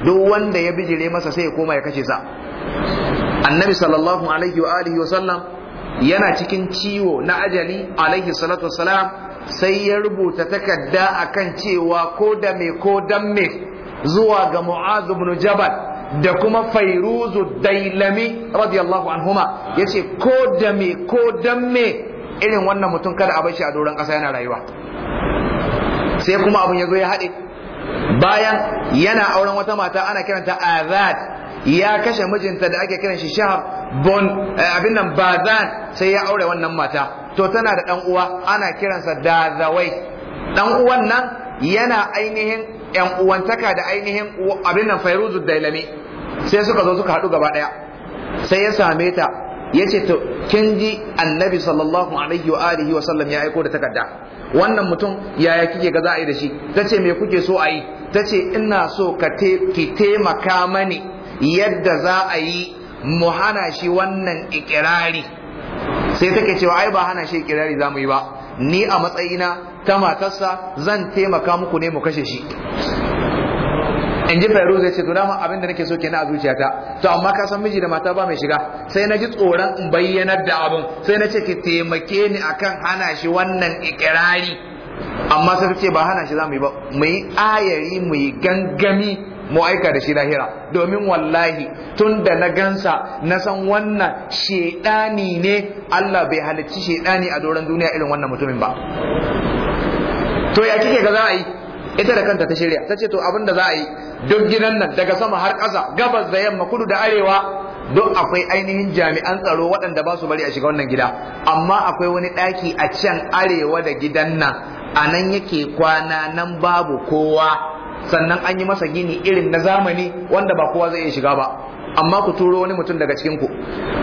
duk wanda ya bijire masa sai ya koma ya kace sa annabi sallallahu alaihi wa alihi wa sallam yana cikin ciwo na ajali alaihi salatu wassalam sai ya rubuta takarda akan cewa ko da me ko dan me zuwa ga mu'az ibn jabal da kuma fairuzu dailami radiyallahu anhuma yace ko da me ko dan me irin wannan mutum kada a bar shi a doron ƙasa yana rayuwa sai kuma abun ya zo ya haɗe bayan yana auren wata mata ana kiranta azad ya kashe mijinta da ake kiran shi shahab bon eh, abin nan bazan sai ya aure wannan mata to tana da dan uwa ana kiransa dazawai dan uwan nan yana ainihin yan uwantaka da ainihin abin nan fairuzu dailami sai suka zo suka haɗu gaba ɗaya sai ya same ta Yace ce to kin ji annabi sallallahu alaihi wa alihi wa sallam ya aiko da takarda wannan mutum yaya kike ga za a yi da shi ta ce me kuke so a yi ta ce ina so ka ki taimaka mani yadda za a yi mu hana shi wannan ikirari sai take cewa ai ba hana shi ikirari za mu yi ba ni a matsayina ta matarsa zan taimaka muku ne mu kashe shi in ji fairu zai ce to dama abin da nake so kenan a zuciyata to amma ka san miji da mata ba mai shiga sai na ji tsoron in bayyanar da abin sai na ce ki taimake ni akan hana shi wannan ikirari amma sai ce ba hana shi za mu yi ba mu yi ayari mu yi gangami mu aika da shi lahira domin wallahi tun da na gansa na san wannan shedani ne Allah bai halicci shedani a doron duniya irin wannan mutumin ba to ya kike ga za a yi ita da kanta ta shirya ta ce to abin da za a yi duk gidan nan daga sama har ƙasa gabas da yamma kudu da arewa duk akwai ainihin jami'an tsaro waɗanda ba su bari a shiga wannan gida amma akwai wani ɗaki a can arewa da gidan nan a nan yake kwana nan babu kowa sannan an yi masa gini irin na zamani wanda ba kowa zai iya shiga ba amma ku turo wani mutum daga cikin ku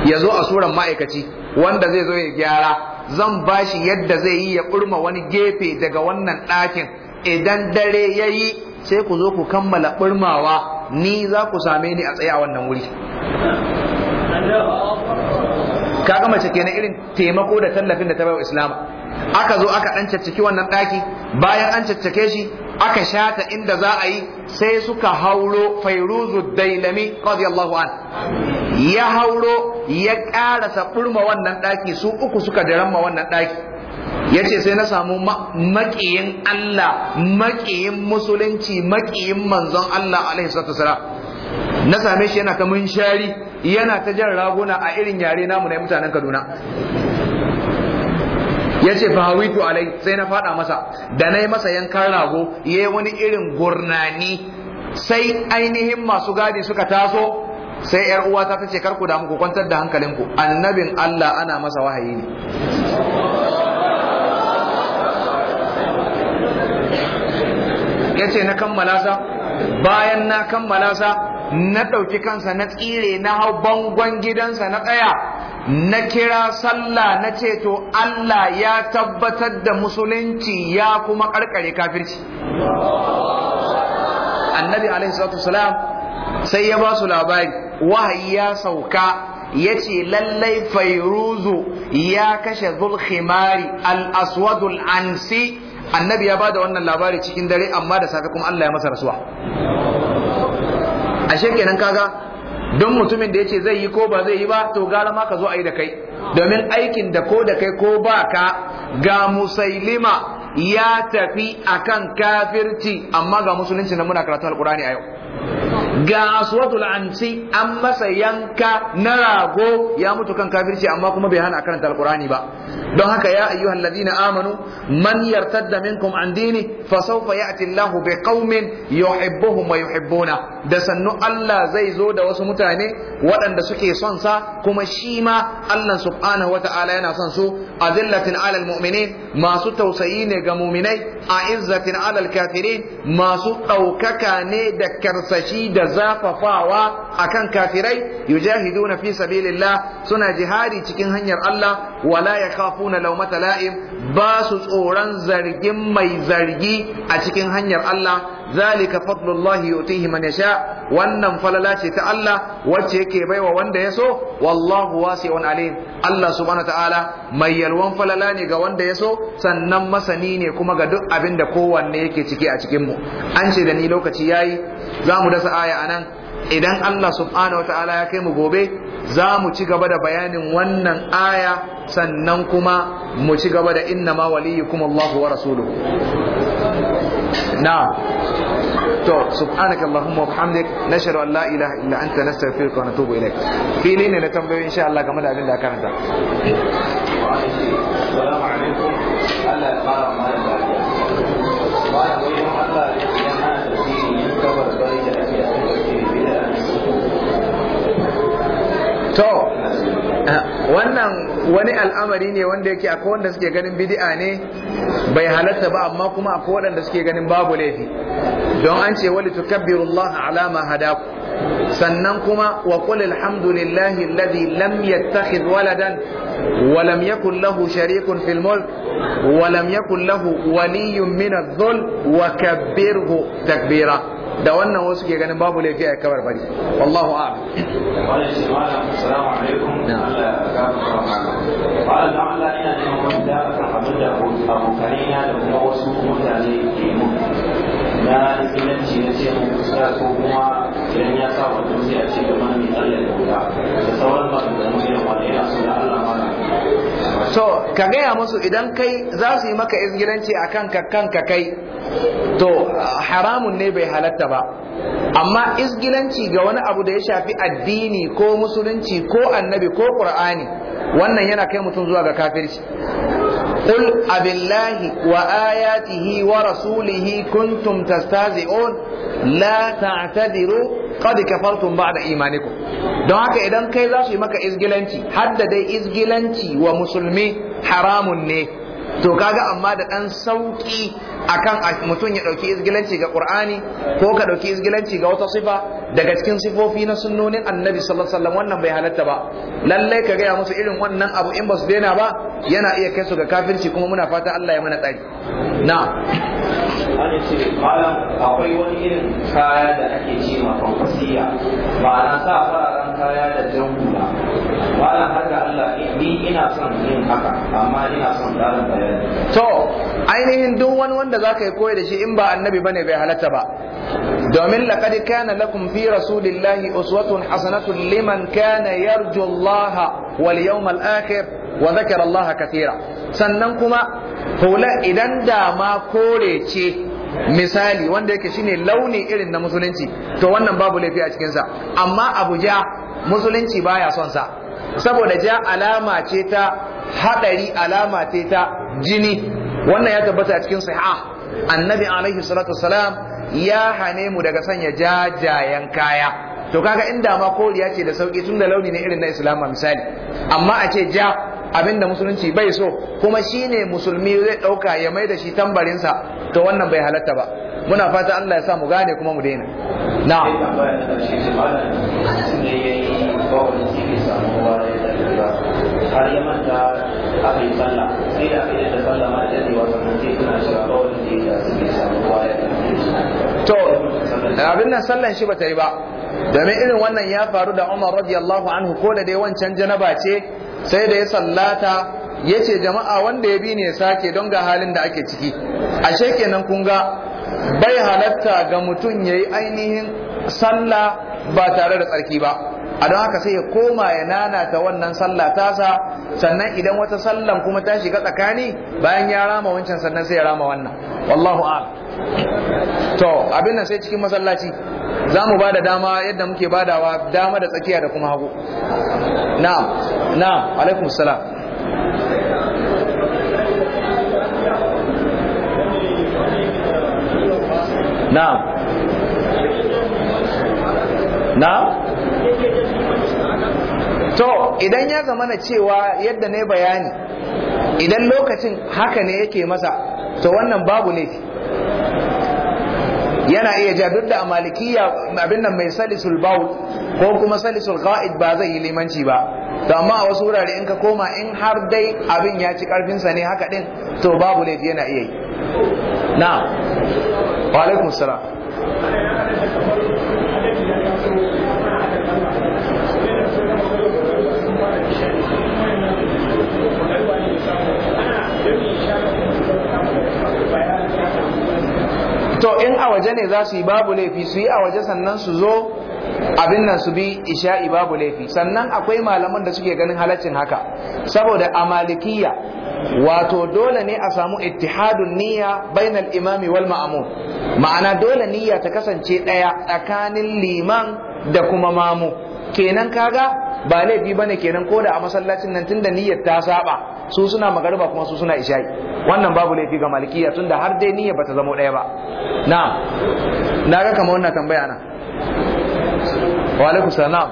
ya zo a suran ma'aikaci wanda zai zo ya gyara zan bashi yadda zai yi ya kurma wani gefe daga wannan ɗakin idan dare ya yi sai ku zo ku kammala ɓurmawa ni za ku same ni a tsaye a wannan wuri kaga mace kenan irin taimako da tallafin da ta bawa Islam? aka zo aka ɗan caccaki wannan daki bayan an caccake shi aka shata inda za a yi sai suka hauro fairuzu dailami radiyallahu an ya hauro ya ƙarasa ɓurma wannan ɗaki su uku suka daramma wannan ɗaki ya ce sai na samu maƙiyin Allah maƙiyin musulunci maƙiyin manzon Allah alaihi na same shi yana ta shari yana ta jan raguna a irin yare namu na mutanen Kaduna yace fa fahawitu alai sai na fada masa da nayi masa yankan rago yi wani irin gurnani sai ainihin masu gadi suka taso sai yar uwata ta ce karku damu ku kwantar da hankalinku annabin Allah ana masa wahayi ne yace na kammala sa bayan na kammala sa na ɗauki kansa na tsire na hau bangon gidansa na tsaya na kira sallah na ce to Allah ya tabbatar da musulunci ya kuma ƙarƙare kafirci annabi alaihi salatu sai ya ba su labari wahayi ya sauka ya ce lallai fairuzu ya kashe zulkhimari al-aswadul ansi annabi ya bada wannan labari cikin dare amma da safe kuma Allah ya masa rasuwa ashe kenan kaga don mutumin da yace zai yi ko ba zai yi ba to gara ma ka zo a yi da kai domin aikin da ko da kai ko ba ka ga musailima ya tafi akan kafirci amma ga musulunci na muna karatu alkurani a yau ga aswatul ansi an masa yanka na rago ya mutu kan kafirci amma kuma bai hana karanta alkurani ba don haka ya ayyuhan ladina amanu man yartadda minkum an dini fa sawfa ya'ti Allah bi qaumin yuhibbuhum wa yuhibbuna da sannu Allah zai zo da wasu mutane waɗanda suke son sa kuma shi ma Allah subhanahu wata'ala yana son su azillatin alal mu'minin masu tausayi ne ga mu'minai izzatin alal kafirin masu ɗaukaka ne da karsashi da zafafawa akan kafirai yujahiduna fi sabilillah suna jihadi cikin hanyar Allah wala yakha yakhafuna lawmata la'im ba su tsoron zargin mai zargi a cikin hanyar Allah zalika fadlullahi yu'tihi man yasha wannan falala ce ta Allah wacce yake baiwa wanda yaso wallahu wasi'un alim Allah subhanahu ta'ala mai yalwan falala ne ga wanda yaso sannan masani ne kuma ga duk abin da kowanne yake ciki a cikin mu an ce da ni lokaci yayi za mu dasa aya anan idan Allah subhanahu wataala ya kai mu gobe za mu ci gaba da bayanin wannan aya sannan kuma mu ci gaba da inna ma waliyukum Allahu wa rasuluhu na'am to subhanaka allahumma wa bihamdik nashhadu an la ilaha illa anta nastaghfiruka wa natubu ilaik fi ne na tambayoyi insha Allah game da abin da aka karanta assalamu alaikum Allah ya fara to wannan wani al'amari ne wanda yake akwai wanda suke ganin bid'a ne bai halatta ba amma kuma akwai waɗanda suke ganin babu laifi don an ce wali tukabbirullah ala ma hadaku sannan kuma wa qul alhamdulillahi alladhi lam yattakhidh waladan wa lam yakul lahu sharikun fil mulk wa lam yakul lahu waliyyun min adh-dhul wa kabbirhu takbira da wannan wasu ke ganin babu laifi a kabar bari wallahu a'lam assalamu alaikum Allah ina wani da abin da abokanina da kuma wasu mutane ke mun na ilanci na ce mun kusa ko kuma idan ya sa wato sai a ce gama mai tsallar da wuta da sauran ba da mu irin wani yana so ka gaya musu idan kai za su yi maka izgilanci a kanka kanka kai to haramun ne bai halatta ba amma izgilanci ga wani abu da ya shafi addini ko musulunci ko annabi ko qur'ani wannan yana kai mutum zuwa ga kafirci قل أبالله وآياته ورسوله كنتم تستهزئون لا تعتذروا قد كفرتم بعد إيمانكم don haka idan kai za su yi maka izgilanci hadda dai izgilanci wa musulmi haramun ne to kaga amma da dan sauki akan mutum ya dauki izgilanci ga qur'ani ko ka dauki izgilanci ga wata sifa daga cikin sifofi na sunnonin annabi sallallahu alaihi wasallam wannan bai halatta ba lalle ka gaya musu irin wannan abu in basu daina ba yana iya kai su ga kafirci kuma muna fata Allah ya mana tsari na wani ce malam akwai wani irin kaya da ake ce ma ba na sa fararen kaya da jan wala har da Allah ni ina son yin haka amma ina son ƙarin bayani to ainihin duk wani wanda zaka yi koyi da shi in ba annabi bane bai halatta ba domin laqad kana lakum fi rasulillahi uswatun hasanatun liman kana yarju Allah wal yawmal akhir wa dhakara Allah katira sannan kuma hula idan da ma kore ce misali wanda yake shine launi irin na musulunci to wannan babu laifi a cikinsa amma abuja musulunci baya son sa saboda ja alama ce ta hadari alama ce ta jini wannan ya tabbata a cikin sahiha annabi alaihi salatu wasalam ya hane mu daga sanya jajayen kaya to kaga inda ma koriya ce da sauki tun da launi ne irin na islama misali amma a ce ja abinda musulunci bai so kuma shine musulmi zai dauka ya mai da shi tambarinsa to wannan bai halatta ba muna fata Allah ya sa mu gane kuma mu daina na'am har ya manta aka yi sallah sai da yi da sallah ma da ya suke samu abin nan sallan shi ba ta yi ba domin irin wannan ya faru da Umar radiyallahu anhu ko da dai wancan janaba ce sai da ya sallata ya ce jama'a wanda ya bi ne ya sake don ga halin da ake ciki ashe kenan kun ga bai halatta ga mutum ya yi ainihin sallah ba tare da tsarki ba a don haka sai ya koma ya nanata wannan sallah tasa sannan idan wata sallan kuma ta shiga tsakani bayan ya rama wancan sannan sai ya rama wannan wallahu a'lam to abin nan sai cikin masallaci za mu bada dama yadda muke badawa dama da tsakiya da kuma hagu na'am na'am alaikum salam na'am na'am to idan ya zama na cewa yadda ne bayani idan lokacin haka ne yake masa to wannan babu laifi yana iya ja duk da a malikiya abin nan mai salisul baul ko kuma salisul qa'id ba zai yi limanci ba to amma a wasu wurare in ka koma in har dai abin ya ci karfin sa ne haka din to babu laifi yana iya yi na'am wa alaikum salam to in a waje ne za su yi babu laifi su yi a waje sannan su zo abin nan su bi isha'i babu laifi sannan akwai malaman da suke ganin halaccin haka saboda a malikiya wato dole ne a samu ittihadun niyya bainal imami wal ma'amun ma'ana dole niyya ta kasance ɗaya tsakanin liman da kuma mamu kenan kaga ba laifi bane kenan ko da a masallacin nan tunda niyyar ta saba su suna magariba kuma su suna isha'i wannan babu laifi ga malikiya tunda har dai niyya bata zama daya ba na'am na ga kamar wannan tambaya na wa alaikum salam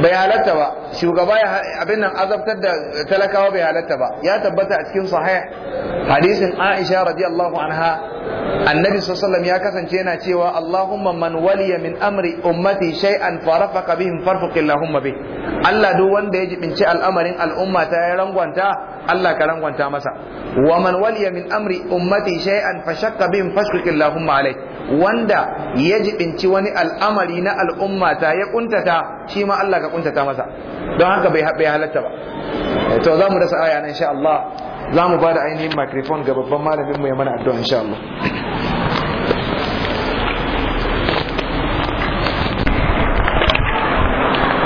bai halatta ba shugaba abin nan azabtar da talakawa bai halatta ba ya tabbata a cikin sahih hadisin Aisha radiyallahu anha annabi sallallahu ya kasance yana cewa Allahumma man waliya min amri ummati shay'an farafaka bihim farfuq Allahumma bi Allah duk wanda ya jibinci al'amarin al'umma ta ya rangwanta Allah ka rangwanta masa wa man waliya min amri ummati shay'an fa shakka bihim fashkuk Allahumma alai wanda ya jibinci wani al'amari na al'ummata ya kuntata shi ma Allah ka kuntata masa don haka bai bai halatta ba eh, to za mu rasa aya nan insha Allah za mu ba da ainihin microphone ga babban malamin mu ya mana addu'a insha Allah